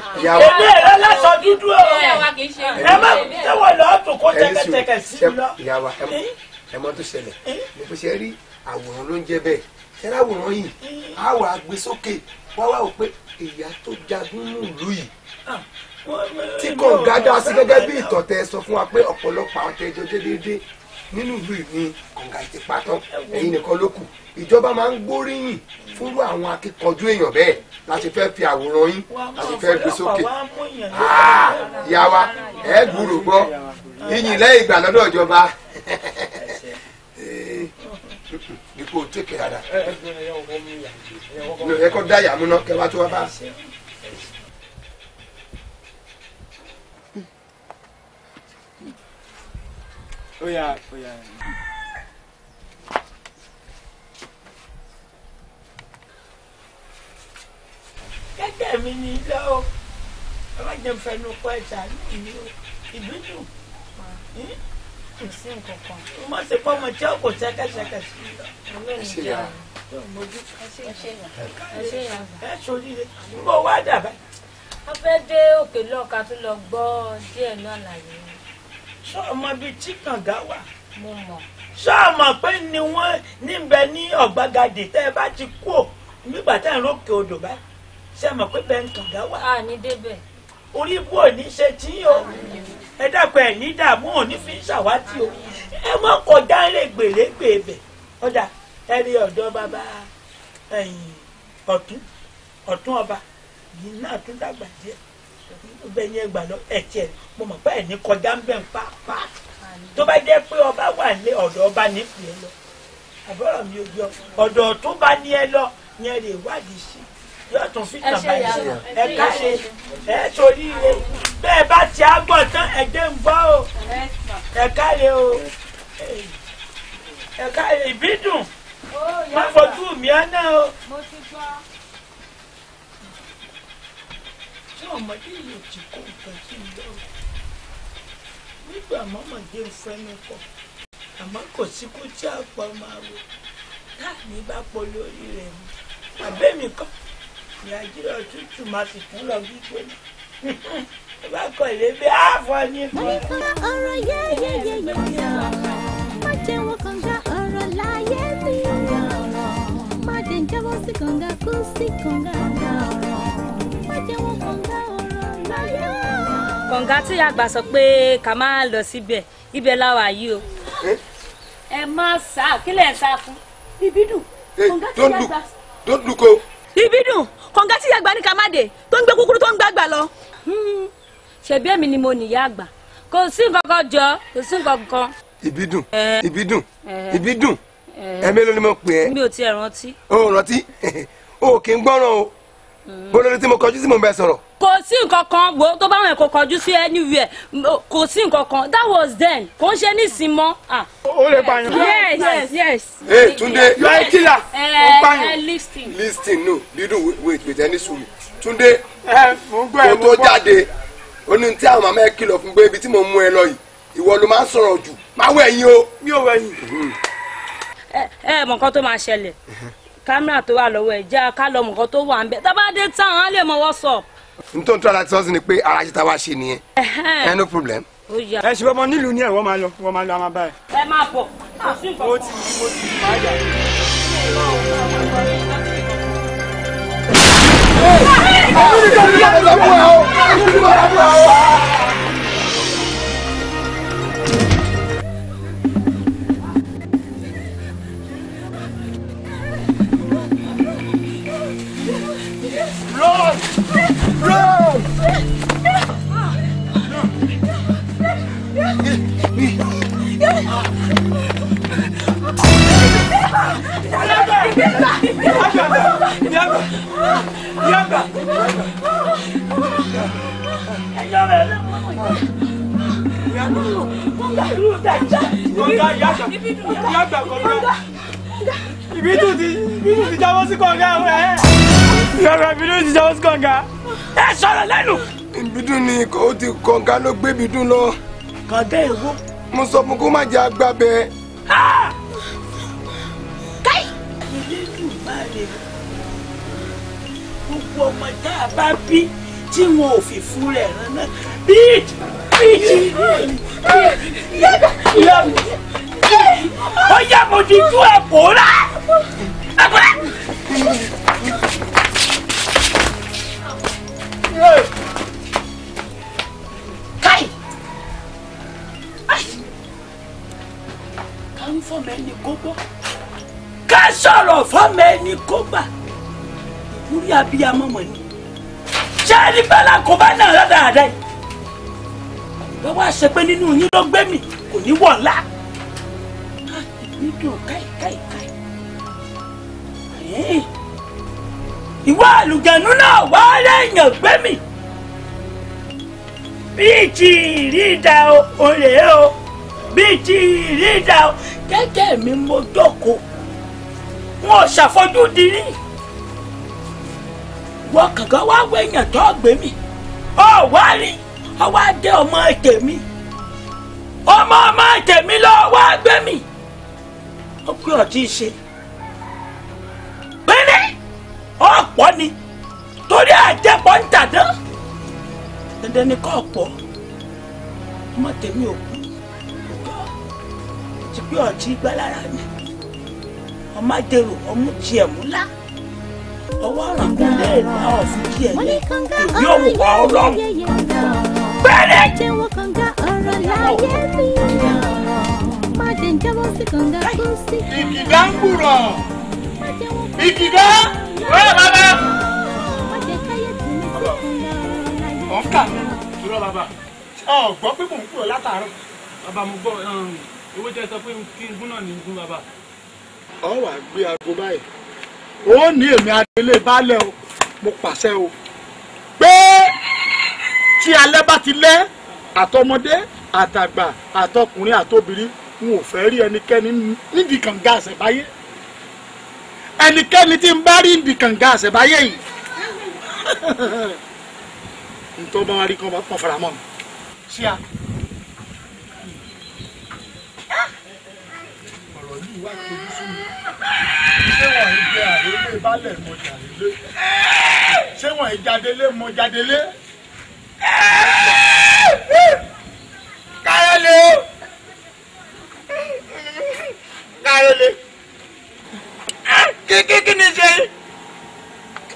èmi ẹ̀rọ lẹ́sọ̀ dúdú o ẹ má tẹ́wọ̀ lọ́ọ́ tún kó tẹ́kẹ̀tẹ́kẹ̀ sí i lọ. ìyàwó ẹ mọ tó ṣẹlẹ̀ mo fi ṣe rí àwòrán ló ń jẹ́ bẹ́ẹ̀ ṣẹlẹ àwòrán yìí àwọ̀ àgbésókè wá wá ò pé ìyá tó jagun nílùú yìí ah, tí kò ń gádá sí gẹ́gẹ́ bí ìtọ̀tẹ̀ sọ fún wa pé ọ̀pọ̀lọpọ̀ àwọn tẹ̀jọ́ déédéé nínú ìlú ìní kàǹkà ti patọ́ ẹ̀yin nìkan ló kù ìjọba máa ń gbóríyìn fúnrú àwọn akíkanjú èèyàn bẹ́ẹ̀ láti fẹ́ fi àwòrán yín láti fẹ́ gbé sókè ìyá wa ẹ̀ gbúrò gbọ́ yíyìn lẹ́yìn ìgbà lọ́dọ̀ ìjọba ipò tèkè dáadáa ẹ kọ́ dá yàmú náà kẹwàá tó wá bá a. Oh yeah, oh yeah. Kẹ́kẹ́ mi ni ilé o, ẹ má jẹun fẹnu kọ ẹ̀ta níbi o, ìbínú. Kò sí nǹkan kan. Mo máa ṣe fọ́ ọmọ tí ó kò ṣẹ́kẹ́ṣẹkẹ̀ sí i lọ. Ọlọ́run jẹ́ àwọn. Ẹ ṣe oríire, mo wá dàbẹ́. A fẹ́ dé òkè lọ́ọ̀ka tó lọ gbọ́ díẹ̀ náà làyè ṣé ọmọ bíi tí kànga wà ṣé ọmọ pé ni wọ́n níbẹ̀ ní ọ̀gbagadè tẹ́ ẹ bá ti kú ò nígbà tá à ń rókè odò báyìí ṣé ọmọ pé bẹ́ẹ̀ ń kànga wà. a ní débẹ̀. orí ibú ò ní ṣe tí o ẹ dàpọ̀ ẹ̀ ní dààmú ò ní fi ń ṣàwátì o ẹ mọ̀ kọjá lè gbèrègbè bẹ̀ ọ̀dà ẹ rí ọ̀dọ́ bàbá ọ̀tún ọ̀tún ọba yìí náà tún dàgbà díẹ̀ bẹ́yẹn gbà lọ ẹ̀tì ẹ̀ mo mọ̀ pé ẹ̀ní kọjá ń bẹ̀ ń pa pa tó bá jẹ́ pé ọba wà ní ọ̀dọ̀ ọba nífìí ẹ lọ àbọ̀rọ̀ mi ò yọ ọ̀dọ̀ tó bá ní ẹ lọ yẹn lè wádìí sí yóò tún fi tàn báyìí sí ẹ káṣe ẹ torí ire bẹ́ẹ̀ bá ti á gbọ̀ tán ẹ̀jẹ̀ ń bọ́ o ẹ káre o ẹ káre ìbídùn má fojú mi ẹ náà o. ọmọdé yìí ti kó nǹkan sí i lọ́rùn nígbà mọ́mọdé ń fẹ́nu kọ àmọ́ kò sí kú tí a pọ̀ máa wò bá pọ̀ lórí rẹ̀ mu àbẹ́mi kan ní tútù máa sì tún lọ gbígbóná bá kọ̀ lébi àfọ̀ ní kan. ọ̀rọ̀ yẹ́yẹ́yẹ́yẹ́ má jẹ́ wọn kànga ọ̀rọ̀ láyé mi má dẹ̀ ń jábọ́ sí kànga kú sí kànga. kọ̀ǹga tí àgbà sọ pé ká má lọ síbẹ̀ ibẹ̀ láwa yìí o. Eh? ẹ má sá kílẹ̀ sá fún ibi dùn eh, kọ̀ǹga tí àgbà. tó ko. ibi dùn kọ̀ǹga tí àgbà ní ká má dé tó ń gbé kúkúrú tó ń gbàgbà lọ. Hmm, ṣebí èmi ni mo nìyá àgbà kò sí nǹkan kan jọ kò sí nǹkan kan. ibi dùn eh, ibi dùn ibi dùn ẹ mélòó ni mo pè é. mi ò tiẹ̀ rántí. o rántí *laughs* o kì í gbọ́ràn o hmm. bólórí tí mo kọjú sí mo bẹ sọ̀rọ̀ kò sí nǹkan kan wo tó bá wọn kò kọjú sí anywhere kò sí nǹkan kan that was then kò ń ṣe nísìnyí mọ́. o ah. lè pààyàn. yes yes yes. ee Túndé you are a killer. o eh, pààyàn eh, listing listing no lidu wait wait ẹni sùn mi Túndé eh, kò tó jáde ó ní tí àwọn màmá ẹ kìlọ̀ fún pé ibi tí mo mú ẹ lọ yìí ìwọ ló máa ń sọ̀rọ̀ jù máa wẹ̀ yín o. mi ò wẹ̀ yín. ẹ mm-hmm. ẹ mọ̀ nǹkan tó máa ṣẹlẹ̀ kámẹ́rà uh-huh. tó wà lọ́wọ́ ẹ̀ já ká lọ mọ̀ nǹkan tó wà ń bẹ̀ tábàdé táwọn á lè mọ̀ wọ́ n tó ń tọ́ láti sọ́ọ́sì ni pé ara ṣe ta wá ṣe nìyẹn ẹ no problem. ẹ ṣe ọmọ nílùú ní ẹ wọ́n máa lọ wọ́n máa lọ a máa bá ẹ. máa bọ̀ kò sí nǹkan kan. mo ti mo ti máa jà. ọ̀hún ni kò ní ọ̀sán fún ẹ o. Ibi tún ti ibi tún ti jábọ́ sí kànga rẹ̀. Yọ̀rọ̀ ibi tún ti jábọ́ sí kànga. Ẹ sọ̀rọ̀ lẹ́nu. Ibi dùn ni kò ti kànga ló gbé ibi dùn lọ. Kànga èwo mo sọ fún kó má jẹ́ agbábẹ́. káì. ìlẹ́dùn bá rè gbogbo ọmọ tá a bá bí tí wọn ò fi fún rẹ̀ rán náà bíi bíi yọmi ó yẹ mo ti tú ẹ̀kọ́ rà ẹ̀kọ́ rà. ń fọmọ ẹni kó gbọ́ ká sọ̀rọ̀ fọmọ ẹni kó gbà ìwúrí abiyamọ mọ̀ ni ṣé ẹni bẹ́lá kò bá náà rádaràdá yìí bá wá ṣe pé nínú yín ló gbé mi kò ní wọ̀ ńlá ìdùn ah, káìkáìkáì ìwọ àlùjànnú náà wá lẹ́yìn gbé mi bíi ti ìrí ìdá òun rèé o bíi ti ìrídà kẹ̀kẹ́ mi mo jókòó wọn ò ṣàfojúdi rí wọn kankan wá wẹ̀yàn tó gbé mi ọ wá rí ọ wá dé ọmọ tèmi ọmọ ọmọ tèmi lọ wá gbé mi ó pé ọtí ṣe péré ọ̀pọ̀ ni torí àjẹpọ̀ ń tàdán dandan ni kò pọ̀ ọmọ tèmi ò kú ti pé ọtí gbá lára mi ọmọ àjẹrò ọmú tiẹ̀ múlá ọwọ́ ọ̀ràn kò lè rà ọ̀ fún díẹ̀ yẹn èyí ò wù ọ́ lọ́rùn bẹ́ẹ̀ni. jẹ́wọ́ kànga ń gbùrọ̀ ìkìgá wẹ́ẹ̀ bàbá. ọ̀nkà mi rọ gbọ́ pé mò ń kúrò látàárọ̀ bàbá mo gbọ́ um, owó tẹ sọ pé kí n gún ní gún bàbá. ọ wà gbé aago báyìí ó ní èmi adélé baálẹ̀ o mo pàṣẹ o pé tí alẹ́ bá ti lẹ́ àtọmọdé àtàgbà àtọkùnrin àtobìnrin n ò fẹ́ rí ẹnikẹ́ni nídìí kànga àṣẹ̀báyé ẹnikẹ́ni tí ń bá rí nídìí kànga àṣẹ̀báyé yìí *laughs* ntọ́ bá wá rí kán bá pọ̀ fara mọ́ mi. ṣíà. yìí wá kojú sí mi ṣé wọ́n ń jẹ àrélé balẹ̀ mọ jàrélé ṣé wọ́n ń jadélé mọ jadélé. káyọ̀lé káyọ̀lé kí kí kí ni ṣe yìí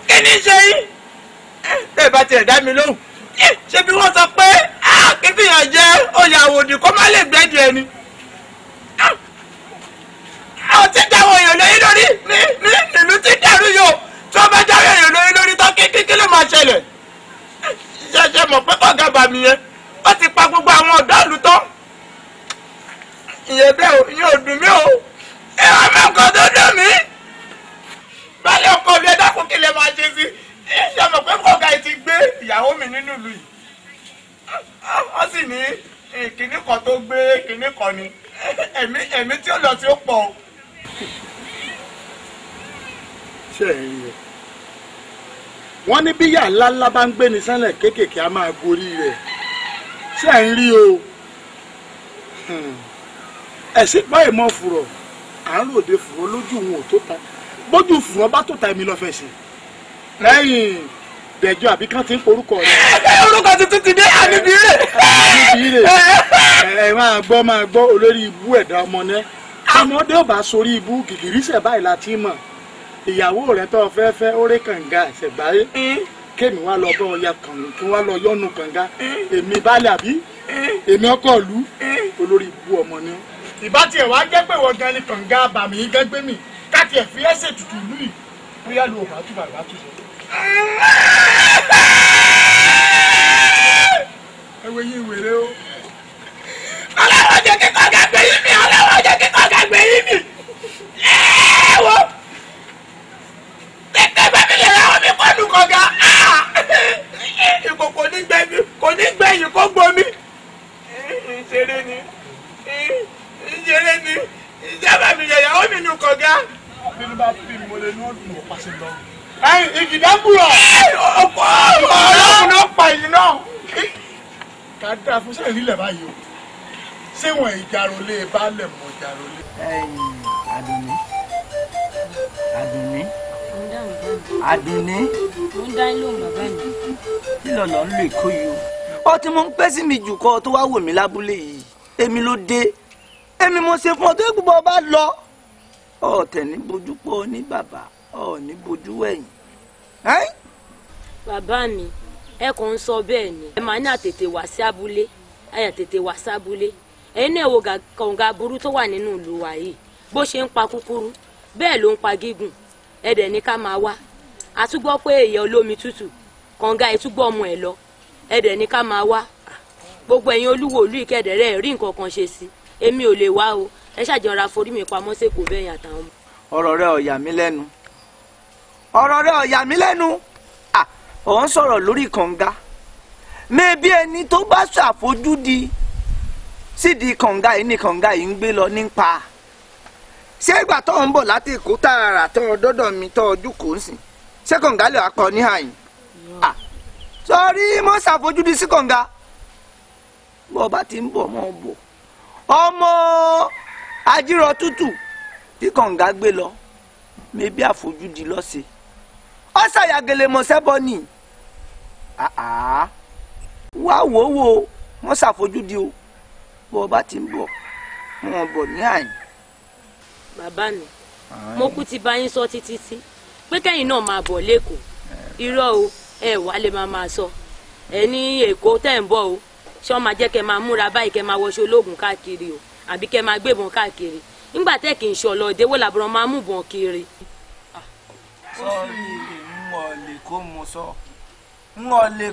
kí ni ṣe yìí bẹ́ẹ̀ bá tiẹ̀ dá mi lóhùn ṣé bí wọ́n sọ pé ah, kí fìyàn jẹ́ oyè àwòdì kó má lè gbẹ́dì ẹni àwọn tí dáwọ èèyàn lóyún lórí ní ní ìlú tí dàrú yóò tí wọn bá dáwọ èèyàn lóyún lórí tó kí kíkí ló máa ṣẹlẹ̀ ṣẹṣẹ mọ̀ pé kọ̀ọ̀gá bàmí yẹn ó ti pa gbogbo àwọn ọ̀dọ́ ìlú tán ìyẹn bẹ́ẹ̀ ò yóò dùn mí o ẹ wá mẹ́kọ̀ọ́ tó dùn mí balẹ̀ ọkọ mi ẹ dákun kí lè máa ṣe sí ẹ ṣe mọ̀ pé kọ̀ọ̀gá yìí ti gbé ìyàwó mi nínú ìlú yìí wọ́n sì ní kìnnìkan tó gbé kìnnìkan ni ẹ̀mí ẹ̀mí tí ó lọ tí ó pọ̀ o ṣe é rí rẹ wọ́n ní bí yà ńláńlá bá ń gbé ní sánlẹ̀ kéékèèké a máa gorí rẹ̀ ṣe é rí o hmm. ẹ̀sìn pa ìmọ̀ fùrọ̀ à ń ròde fùrọ̀ lójú wọn ò tó ta bójú fùrọ̀ bá tó ta èmi lọ fẹsẹ̀ lẹ́yìn dẹjọ àbí kán ti ń porúkọ rẹ. orúkọ tuntun ti dé àníbí rè. àníbí rè ẹ máa gbọ́ máa gbọ́ olórí ibú ẹ̀dá ọmọ náà ọmọdé ò bá sórí ibú gìgìrísẹ̀ báyìí la ti mọ̀ ìyàwó rẹ̀ tó fẹ́ fẹ́ ó rè kànga ìṣẹ̀gbáyé kémi wá lọ bọ́ ọya kànú kí wá lọ yọ́nu kànga èmi balẹ̀ àbí èmi ọkọ ìlú olórí ibú ọmọ ni. ìbá tiẹ̀ wá jẹ́ pé wọ́n gan ni kànga bàmí gẹ́gbẹ́ mi káti ẹ̀ fi ẹsẹ̀ tutù lù yìí bóyá lu òbá tù bàbá tù sọ. ẹ wo yín wèrè o. ọlọ́run jẹ́ kí kànga gbé yín mi. ní gbẹ̀yìn kò ní gbẹ̀yìn kó gbomi. ìṣeré ni ìṣeré ni ìjọba mi yẹ ìyàwó mi nù kọ̀gá. bínú bá bí mo lè ní òdùnnú pàṣẹ lọ. ìjìdákùrọ̀ ọkọ̀ ọlọ́run náà pa èyí náà. ká dáa fún sẹ́yìn nílẹ̀ báyìí o ṣé wọn ìjarolé e balẹ̀ mọ̀ ìjarolé. E? ẹ̀yin àdùnní àdùnní àdùnní. mo ń dá ilé òun bàbá mi. ìlànà ń lo èkó yìí o. ọ tí mo ń pẹ́ sí mi jù kọ́ tó wá wò mí lábúlé yìí èmi ló dé èmi mo ṣe fún ọ tó gbogbo ọba lọ. ọ̀tẹ̀ ní bojú pọ̀ ní bàbá ọ̀ ní wẹ̀yìn. bàbá mi ẹ kàn ń sọ bẹ́ẹ̀ ni ẹ máa ní àtètè wá sí abúlé ẹ̀yà tètè wá sábúlé ẹ̀yin náà wo kànga burú tó wà nínú ìlú wa yìí bó ṣe ń pa kúkúrú bẹ́ẹ̀ ló ń pa gígùn ẹ̀dẹ̀ ní ká máa wá a tún gbọ́ pé èèyàn olómi tútù kànga ìtúgbọ́ ọmọ ẹ̀ lọ ẹ̀dẹ̀ ní ká máa wá gbogbo ẹ̀yin olúwo olú ìkẹ́dẹ̀rẹ́ rí nǹkan kan ṣe sí èmi ò lè wá o ẹ ṣàjọra forí mi pamọ́ sẹ́kọ̀ọ́ bẹ́ẹ̀ yàtà ọmọ. ọ̀rọ̀ rẹ ò yà mí lẹ́nu ọ̀rọ̀ rẹ ò mí lẹ́nu ò ń sọ̀rọ̀ lórí kànga mẹ́bí ẹni tó bá ṣàfojúdi sídìí kànga yìí ni kànga yìí ń gbé lọ ní pa ṣé ìgbà tó ń bọ̀ láti èkó tààrà tó ń dọ́dọ̀ mi tó ọdún kò ń sìn ṣé kànga lè wá pa ọ ní àyìn sọrí mo ṣàfojúdi sí kànga bọ́ ọba ti ń bọ̀ mọ́ ọ bọ̀ ọmọ ajírọ̀ tútù tí kànga gbé lọ mẹ́bí àfojúdi lọ́sẹ̀ ọ ṣàyàgẹ̀lẹ̀ mọ̀ṣẹ́ bọ́ ni wá wò mo ṣàfojúdi o bọ́ ọba ti ń bọ̀ mọ́ ọ bọ̀ ní àyìn bàbá mi mo kú ti bá yín sọ títí tí pé kẹ́yìn náà máa bọ̀ lẹ́kọ̀ọ́ eh. irọ́ o ẹ wàá lè máa máa sọ ẹ ní èkó tẹ̀ ń bọ̀ o ṣé wọ́n máa jẹ́ kẹ́ máa múra báyìí kẹ́ máa wọṣọ ológun káàkiri o àbí kẹ́ máa gbébọn káàkiri nígbà tẹ́ kì í ṣe ọlọ́ọ̀dẹ́ wò làbúrò máa mú bọn kiri. sọ́ọ̀rì ń ọ̀ mo sọ ń ọ̀ lè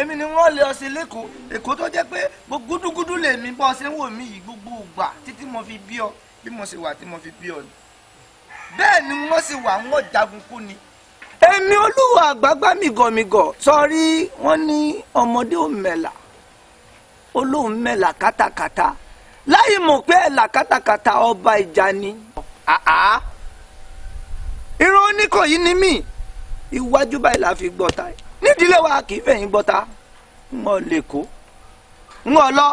èmi ni wọ́n lé ọsẹ lẹ́kọ̀ọ́ èkó tó jẹ́ pé gbogbo gúdúgúdú lèmi bọ́ ọsẹ wò mí yìí gbogbo ìgbà títí mo fi bí ọ bí mo ṣe wà tí mo fi bí ọ ni bẹ́ẹ̀ ni mo ṣe wà ń wọ́n jagun kú ni. èmi olúwa àgbàgbà mìgọ̀mìgọ̀ sọrí wọ́n ní ọmọdé ò olóhùn mẹ́la kátàkátà láì mọ̀ pé ẹ̀là kátàkátà ọba ìjà ni. irun oníkòyí ni mí iwájú báyìí la fi gbọ́ta nídìílé wa kì í fẹ̀yìn gbọ́ta ń ọ lè kó ń ọ lọ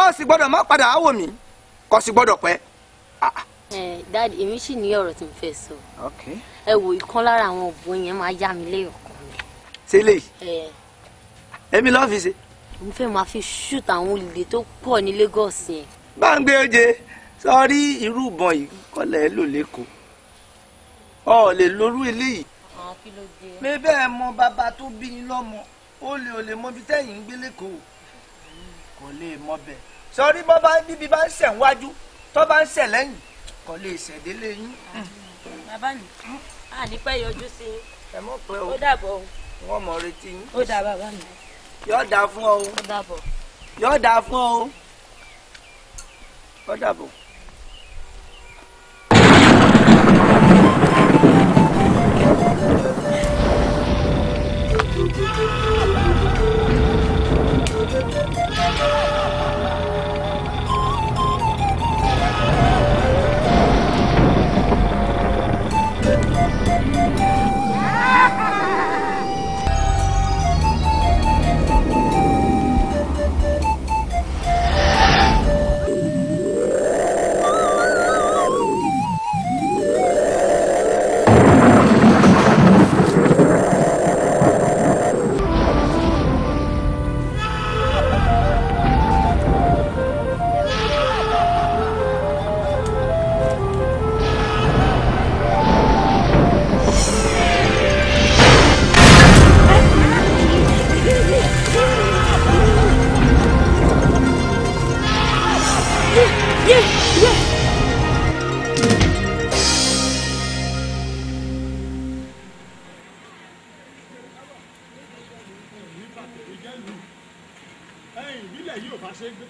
ọ sì gbọ́dọ̀ má padà wò mí kò sí gbọ́dọ̀ pẹ́. Ah. dadi èmi sì ní ọ̀rọ̀ tí mo fẹ́ sọ ẹ wo ìkan lára àwọn òbò yẹn máa yá mi lẹ́yìn ọkàn mi. ṣé lè èmi lọ́ọ́ fi ṣe. mo fẹ́ máa fi ṣùt àwọn olè tó pọ̀ ní Lagos yẹn. gbàǹgbé oje sọrí irú ìbọn yìí kọ́lẹ̀ ẹ lò lẹ́kọ̀ọ́ ọ ò lè lórú eléyìí. pé bẹ́ẹ̀ mọ bàbá tó bí yín lọ́mọ ó lè ò lè mọ ibi tẹ́yìn ń gbé lẹ́kọ̀ọ́ kò lè mọ bẹ́ẹ̀ sọrí bọ́ bá bíbí bá ń ṣẹ̀ ń wájú tó bá ń ṣẹ̀ lẹ́yìn kò lè ṣẹ̀dé lẹ́yìn. bàbá mi a ní pẹ́ yọjú sí i. ẹ mọ̀ pé o ó dàbọ̀ o. wọ́n mọ̀ retí yín. ó dà bàbá mi. yóò dáa fún ọ o. ó dàbọ̀. yóò fún ọ o. ó dàbọ̀. bá ṣe gbé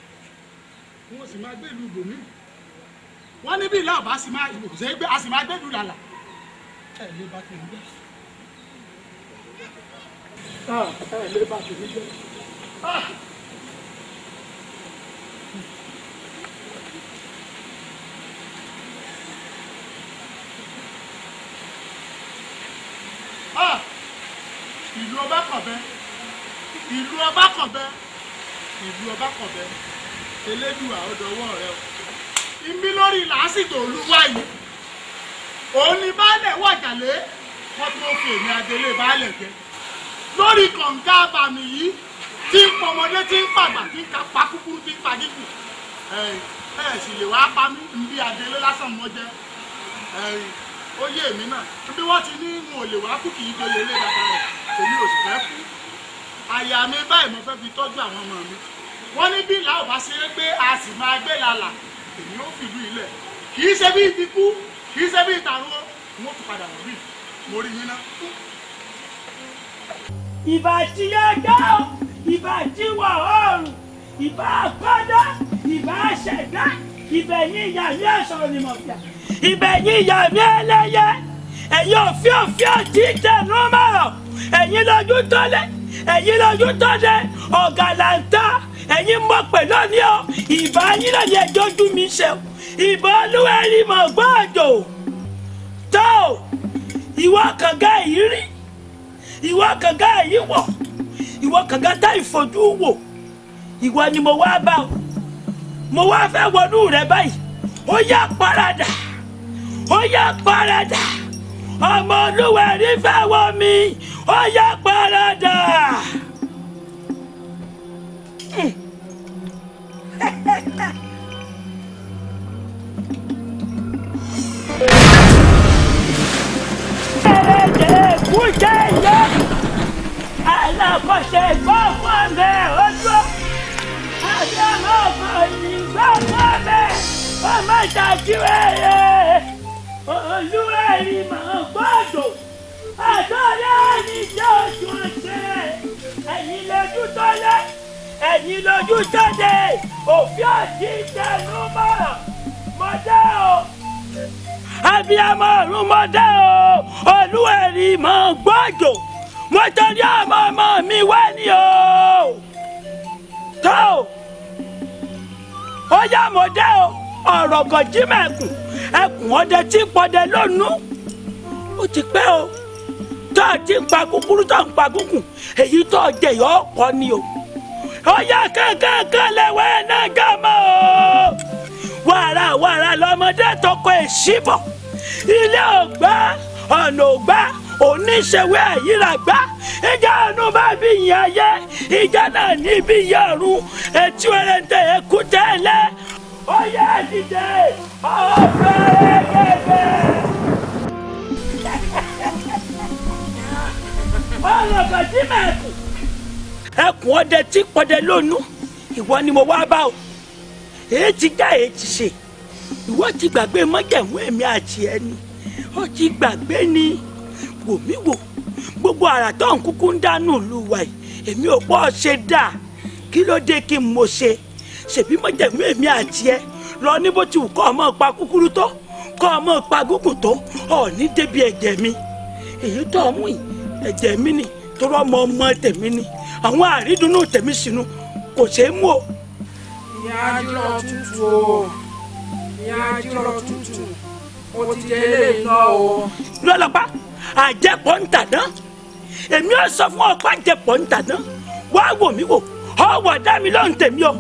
wọn sì máa gbé ìlú ibòmí wọn níbi ìlà ọba sì máa ìlú ṣe gbé a sì máa gbé ìlú làlà ẹ lè bá tèmi gbé. Ah, ẹ lè bá tèmi gbé. Ah. Ah. ìlú ọba kọ̀bẹ ìlú ọba kọ̀bẹ ìlú ọba kọ̀bẹ elédùà ọdọwọ́ rẹ o ibi lórí làásìgbò olúwa yìí òun ni baálẹ̀ wàjàlé wọn tó fi èmi adélé baálẹ̀ jẹ lórí kọ̀ǹga abàmì yìí tí ń pọmọdé tí ń pàgbà tí ń ka pa kúkúrú tí ń pa dínkù ẹ ẹ sì lè wá pa mí nbí adélé lásán mọ jẹ ẹ ó yé èmi náà bí wọ́n ti ní n ò lè wá kú kì í doyè ilé bàbá rẹ̀ èmi ò sì fẹ́ kú àyà mi báyìí mo fẹ́ fi tọ́jú àwọn ọmọ mi wọ́n ní bí làwọn bá ṣe é gbé a sì máa gbé lálà èmi ó fìlú ilẹ̀ kì í ṣe bí ti kú kì í ṣe bí ìtàrúwọ́ n ó tún padà wọ̀ bí mo rí yín ná. ìbà tí yẹ dá o ìbà tí wà oòrùn ìbà àpádá ìbà àṣẹdá ibẹ̀ ní ìyá mi ẹ̀sọ́ ni mo fìyà ibẹ̀ ní ìyá mi ẹlẹ́yẹ ẹ̀yìn òfin òfin ọ̀tí tẹ̀lú mọ́rọ̀ ẹ̀yin lójú tọ́lẹ̀ ẹ̀yin lójú tọ́lẹ̀ ọ̀gàlàǹtà ẹ̀yin mọ̀ pé lónìí o ìbá yín lónìí ẹjọ́ ojú mi ṣe o ìbá olúwa ẹ̀rí mọ̀ gbọ́ àjò tó ìwọ kànga yìí rí ìwọ kànga yìí wọ̀ ìwọ kànga tá ìfojú wò ìwọ ni mo wá bá o mo wá fẹ́ wọnú rẹ báyìí ó yá paradà ó yá paradà ọmọlúwẹ̀rí fẹ́ wọ mi ó yá parada. ẹ̀rẹ̀dẹ̀ kújẹ́ ìyá alákọ̀ṣe ìfọ́fọ́ mẹ́ ojú àti ọmọ ọ̀gbọ̀n ìgbà mọ́ mẹ́ ọmọ ìtàkì wẹ̀yẹ olúwẹ̀rí máa gbọ́dọ̀ àtọ́lẹ́ àníjẹ́ oṣù ọ̀sẹ̀ ẹ̀yìn lójú tọ́lẹ́ ẹ̀yìn lójú jáde òfin ọ̀sì ìtẹnu mọ̀ràn mọ́tẹ́ o abiyamọ ọ̀run mọ́tẹ́ o olúwẹ̀rí máa gbọ́dọ̀ mo ọmọ ọmọ mi wá o tó ó yá mo o ọ̀rọ̀ kò jí ẹkùn ọdẹ tí pọdẹ lónú ó ti pẹ́ o tó o ti pa kúkúrú tó ń pa kúkùn èyí tó o jẹ yọ ọkọ ni o ọyá kankankan lẹwẹ náà gà mọ o wàrà wàrà lọmọdé tọkọ èṣìbọ ilé ògbà ọ̀nà ògbà oníṣẹ́wé àyíràgbá ìjà ọ̀nù bá bí ìyẹn ayé ìjà náà ní ibi ọ̀run etí orin ẹ̀kú tẹ́lẹ̀ ó yẹ ìdíje ọ̀fẹ́ kẹfẹ́. ọ̀rọ̀ kò tí mà kù. ẹkùn ọdẹ tí pọdẹ lónú ìwọ ni mo wá bá o èyí ti dá èyí ti ṣe ìwọ ti gbàgbé mọ́jẹ̀mú èmi àti ẹni ó ti gbàgbé ni wòmíwò gbogbo àrà tó ń kúkú ń dánú ìlú wa yìí èmi ò pọ́ ṣe dáa kí ló dé kí n mo ṣe ṣèbí mọ̀jẹ̀mú èmi àti ẹ lọ ní bó ti wù kọ́ ọmọ pa kúkúrú tó kọ́ ọmọ pa gúngùn tó ọ̀ọ́ni débi ẹ̀jẹ̀ mi èyí tó ọmú yìí ẹ̀jẹ̀ mi ni torọ́ ọmọ ọmọ tèmi ni àwọn àrídùnnú tèmi sínú kò ṣeé mú o. ìyá jùlọ tutù o ìyá jùlọ tutù o ti jẹ ilé iná o. lọ́lọ́pàá àjẹpọ̀ ń tàná èmi ò sọ fún ọ̀pá àjẹpọ̀ ń tàná wá wò mí wò ọ̀wọ̀ dá mi lóhùn tèmi o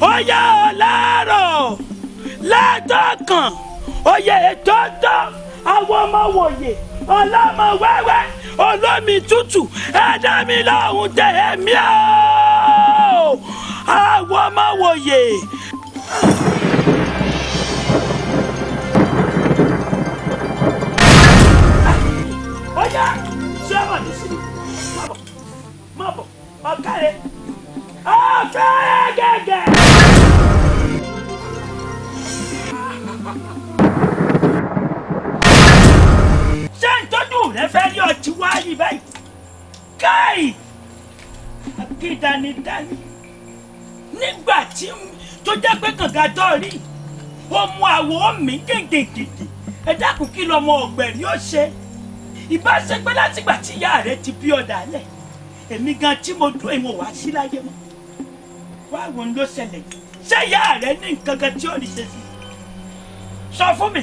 ó yẹ ọ láàárọ̀ látọkàn oyè ètòtò àwọn ọmọ wòye ọlọ́mọ wẹ́wẹ́ olómi tútù ẹ̀dá mi lọ́hùn tẹ̀ ẹ̀mí ọ́ àwọn ọmọ wòye. ó yá ṣé wà ní sí i má bọ̀ má bọ̀ ọ̀gá rẹ̀ ọ̀fẹ́rẹ́ gẹ́gẹ́. ṣé ìtọ́jú rẹ fẹ́ rí ọtí wáyé báyìí káì akídanidani nígbà tí tó jẹ́ pé kànga tó rí ó mú àwo mi gègègègè ẹ dákun kí lọmọ ọ̀gbẹ̀rì ó ṣe ìbáṣepẹ́ látìgbà tí ìyá rẹ ti bí ọ̀dà lẹ̀ èmi gan tí mo dún ìwọ̀n wá sí láyé mọ́ wáwo ló ṣẹlẹ̀ ṣé ìyá rẹ ní nǹkan kan tí ò ní ṣe sí sọ fún mi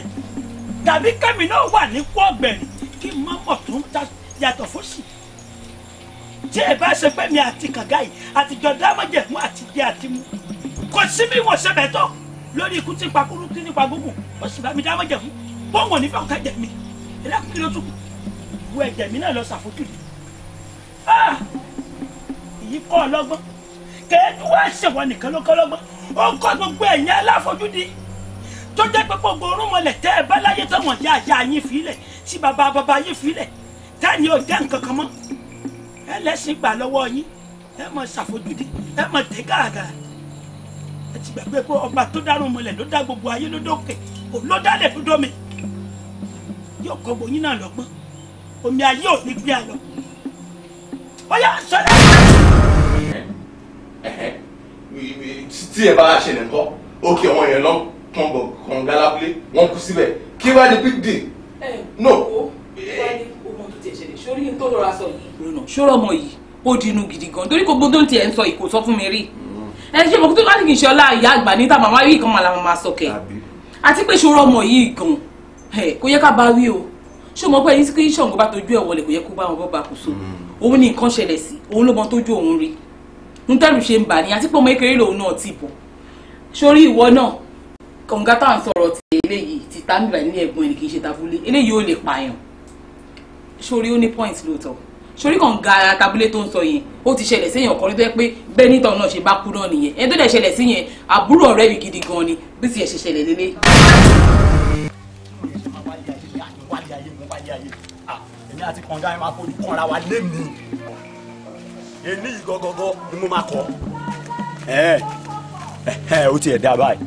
tàbí kẹ́mi náà wà ní kú ọ̀gbẹ̀rìn kí n má mọ̀ tó ń ta yàtọ̀ fún sí tí ẹ bá ṣe pé mi àti kànga yìí àtijọ́ dámọ̀jẹ̀mú àti jẹ àti mu kò sí mi wọ́n ṣe bẹ̀tọ̀ lórí ikú tí ipa kúrú kí nípa gbogbo ó sì bá mi dámọ̀jẹ̀mú bọ́ọ̀mù ò ní fẹ́ ọ̀ka jẹ̀ mi ẹlẹ́kùn kí ló tún wo ẹ̀jẹ̀ mi náà lọ ṣàfojúdi ah! yìí kọ́ kẹ́ẹ́dù wá ṣèwọ nìkan lọ́kọ́lọ́gbọ́n ó kọ́ gbogbo ẹ̀yin aláfojúdi tó jẹ́ pé gbogbo orúnmọ̀lẹ̀ tẹ́ ẹ bá láyé tọ̀wọ̀n yá àyà yín fílẹ̀ sí bàbá bàbá yín fílẹ̀ táyì ò jẹ́ nǹkan kan mọ́ ẹ gbà lọ́wọ́ yín ẹ mọ̀ ṣàfojúdi ẹ mọ̀ tẹ́ gàràgàrà ẹ ti gbàgbé pé ọba tó dárùn mọ̀lẹ̀ ló dá gbogbo ayé ló dókè ò ló dálẹ̀ ló dómi yóò kọ́ gbòyìn náà lọ́gbọ́n omi ayé ò ní gbé àlọ́ ó yà sọ́dọ̀ tí ẹ bá ṣẹlẹ̀ ńkọ́ òkè àwọn èèyàn náà pọn bọ̀ kànga lábúlé wọ́n kú síbẹ̀ kí wá di big deal. no. sórí tó lọ́ra sọ yìí. sọ̀rọ̀ ọmọ yìí ó di inú gidi gan torí kò gbọ́dọ̀ tiẹ̀ ń sọ yìí kò sọ fún mi rí. Mm. ẹ ṣe mọ̀ kó tó bá ní kì í ṣe ọlá ìyá àgbà ní tàbá wáyé ìkan màlà màmá sọ̀kẹ̀ àti pé sọ̀rọ̀ ọmọ yìí gan kò yẹ ká bá wí o ṣé o mọ̀ pé ẹni tí kì í ṣọ̀ǹgọ́ bá tojú ẹ̀ wọlé kò yẹ kó bá wọn bọ́ bá kò so mm. òun ni nǹkan ṣẹlẹ̀ sí òun ló mọ tójú òun rí nítorí ṣe ń bà ní àti pé ọmọ kékeré lòun náà ti bọ̀ sórí ìwọ náà kọ̀ǹgá tá à ń sọ̀rọ̀ ti eléyìí ti tá nígbà nílé ẹ̀gbọ́n ẹni kì í ṣe tabulé eléyìí ò lè pààyàn sórí ó ní point lóòótọ́ sórí kọ̀ǹgá tabulé tó ń sọ yẹn ó ti ṣẹlẹ̀ sí èèyàn kan tó pé bẹ́ẹ̀ nítorí náà ṣe bá kú náà nìyẹn ẹni tó dẹ̀ ṣẹlẹ̀ sí yẹn àbúrò ọ̀rẹ́ mi gidi gan ni bí tiẹ̀ ṣe ṣẹlẹ̀ lélẹ̀. Ah, èmi àti kọ̀ǹgá yẹn máa fojú kọ́ra wa lé mi. èmi gọgọgọ ni mo máa kọ. ẹ o da báyìí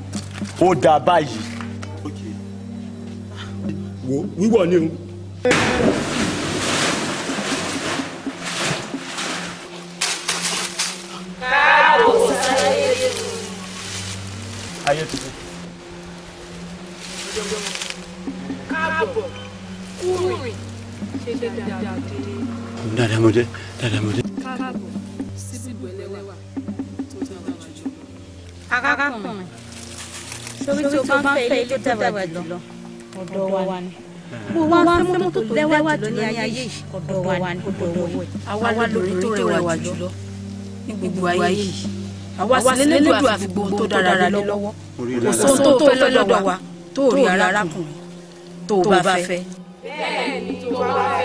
o da báyìí wo wíwọ ni o. ayé ṣe dáadáa dé. dáadáamọdé dáadáamọdé. káàbọ̀ síbi ìgbẹ́lẹ̀ wà tó dára jù. arákùnrin sórí tí o bá ń fẹ́ ilé tó dára jùlọ ọ̀dọ̀ wa ni mo wá ń fẹ́ mọ́tò tó lẹ́wà jùlọ ní ayé yìí ọ̀dọ̀ wa ni ọ̀dọ̀ wọ̀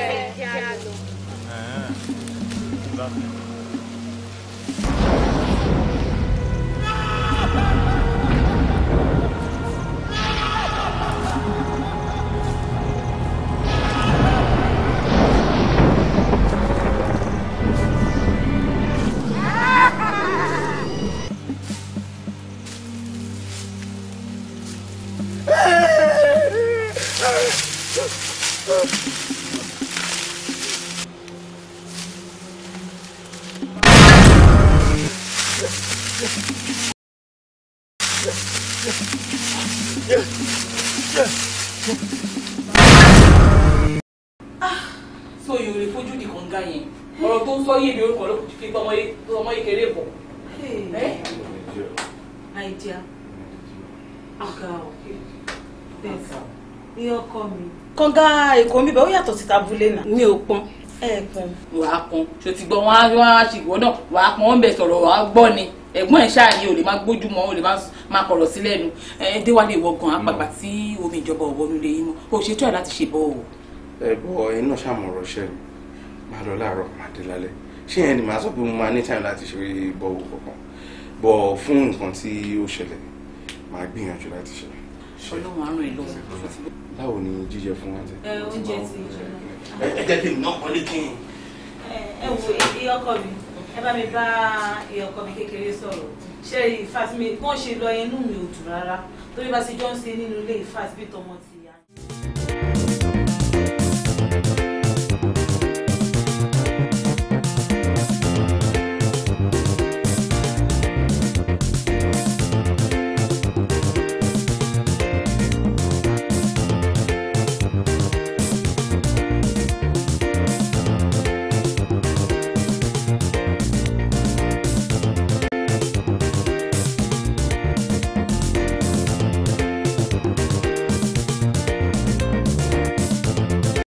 kànga èkó mi bẹ́ẹ̀ ó yàtọ̀ sí tabulé náà mi ò pọn wàá pọn ṣòtìgbọ wọn á wọn á ṣìgbọ náà wàá pọn wọn bẹ sọ̀rọ̀ wàá gbọ́ ni ẹ̀gbọ́n ẹ ṣáà ni o lè máa gbójú mọ́ o lè máa kọ̀rọ̀ sí lẹ́nu ẹ déwálé ìwọ gan apàgbà tí omi ìjọba ọwọnu lè yín mọ o ṣe tó ẹ láti ṣe bọ o. ẹ bọ ẹ náà ṣàmọ̀rọ̀ iṣẹ́ mi máa lọ láàárọ̀ máa dé lálẹ́ ṣé ẹni màá sọ pé mo máa ní time láti ṣe bọ́wọ́ kankan bọ̀ fún nǹkan tí ó ṣẹlẹ̀ máa gbìyànjú báwo ni jíjẹ fún wa tẹ. oúnjẹ ti ìjọba. ẹ jẹ́ kí n ná wọlé kí n. ẹ wo iye ọkọ mi ẹ bá mi bá iye ọkọ mi kékeré sọ̀rọ̀ ṣe ìfàtìmí bọ́n ṣe lọ inú mi ò dùn rárá torí bá ti jọ ń ṣe nínú ilé ìfàtìmí tọmọ ti yá.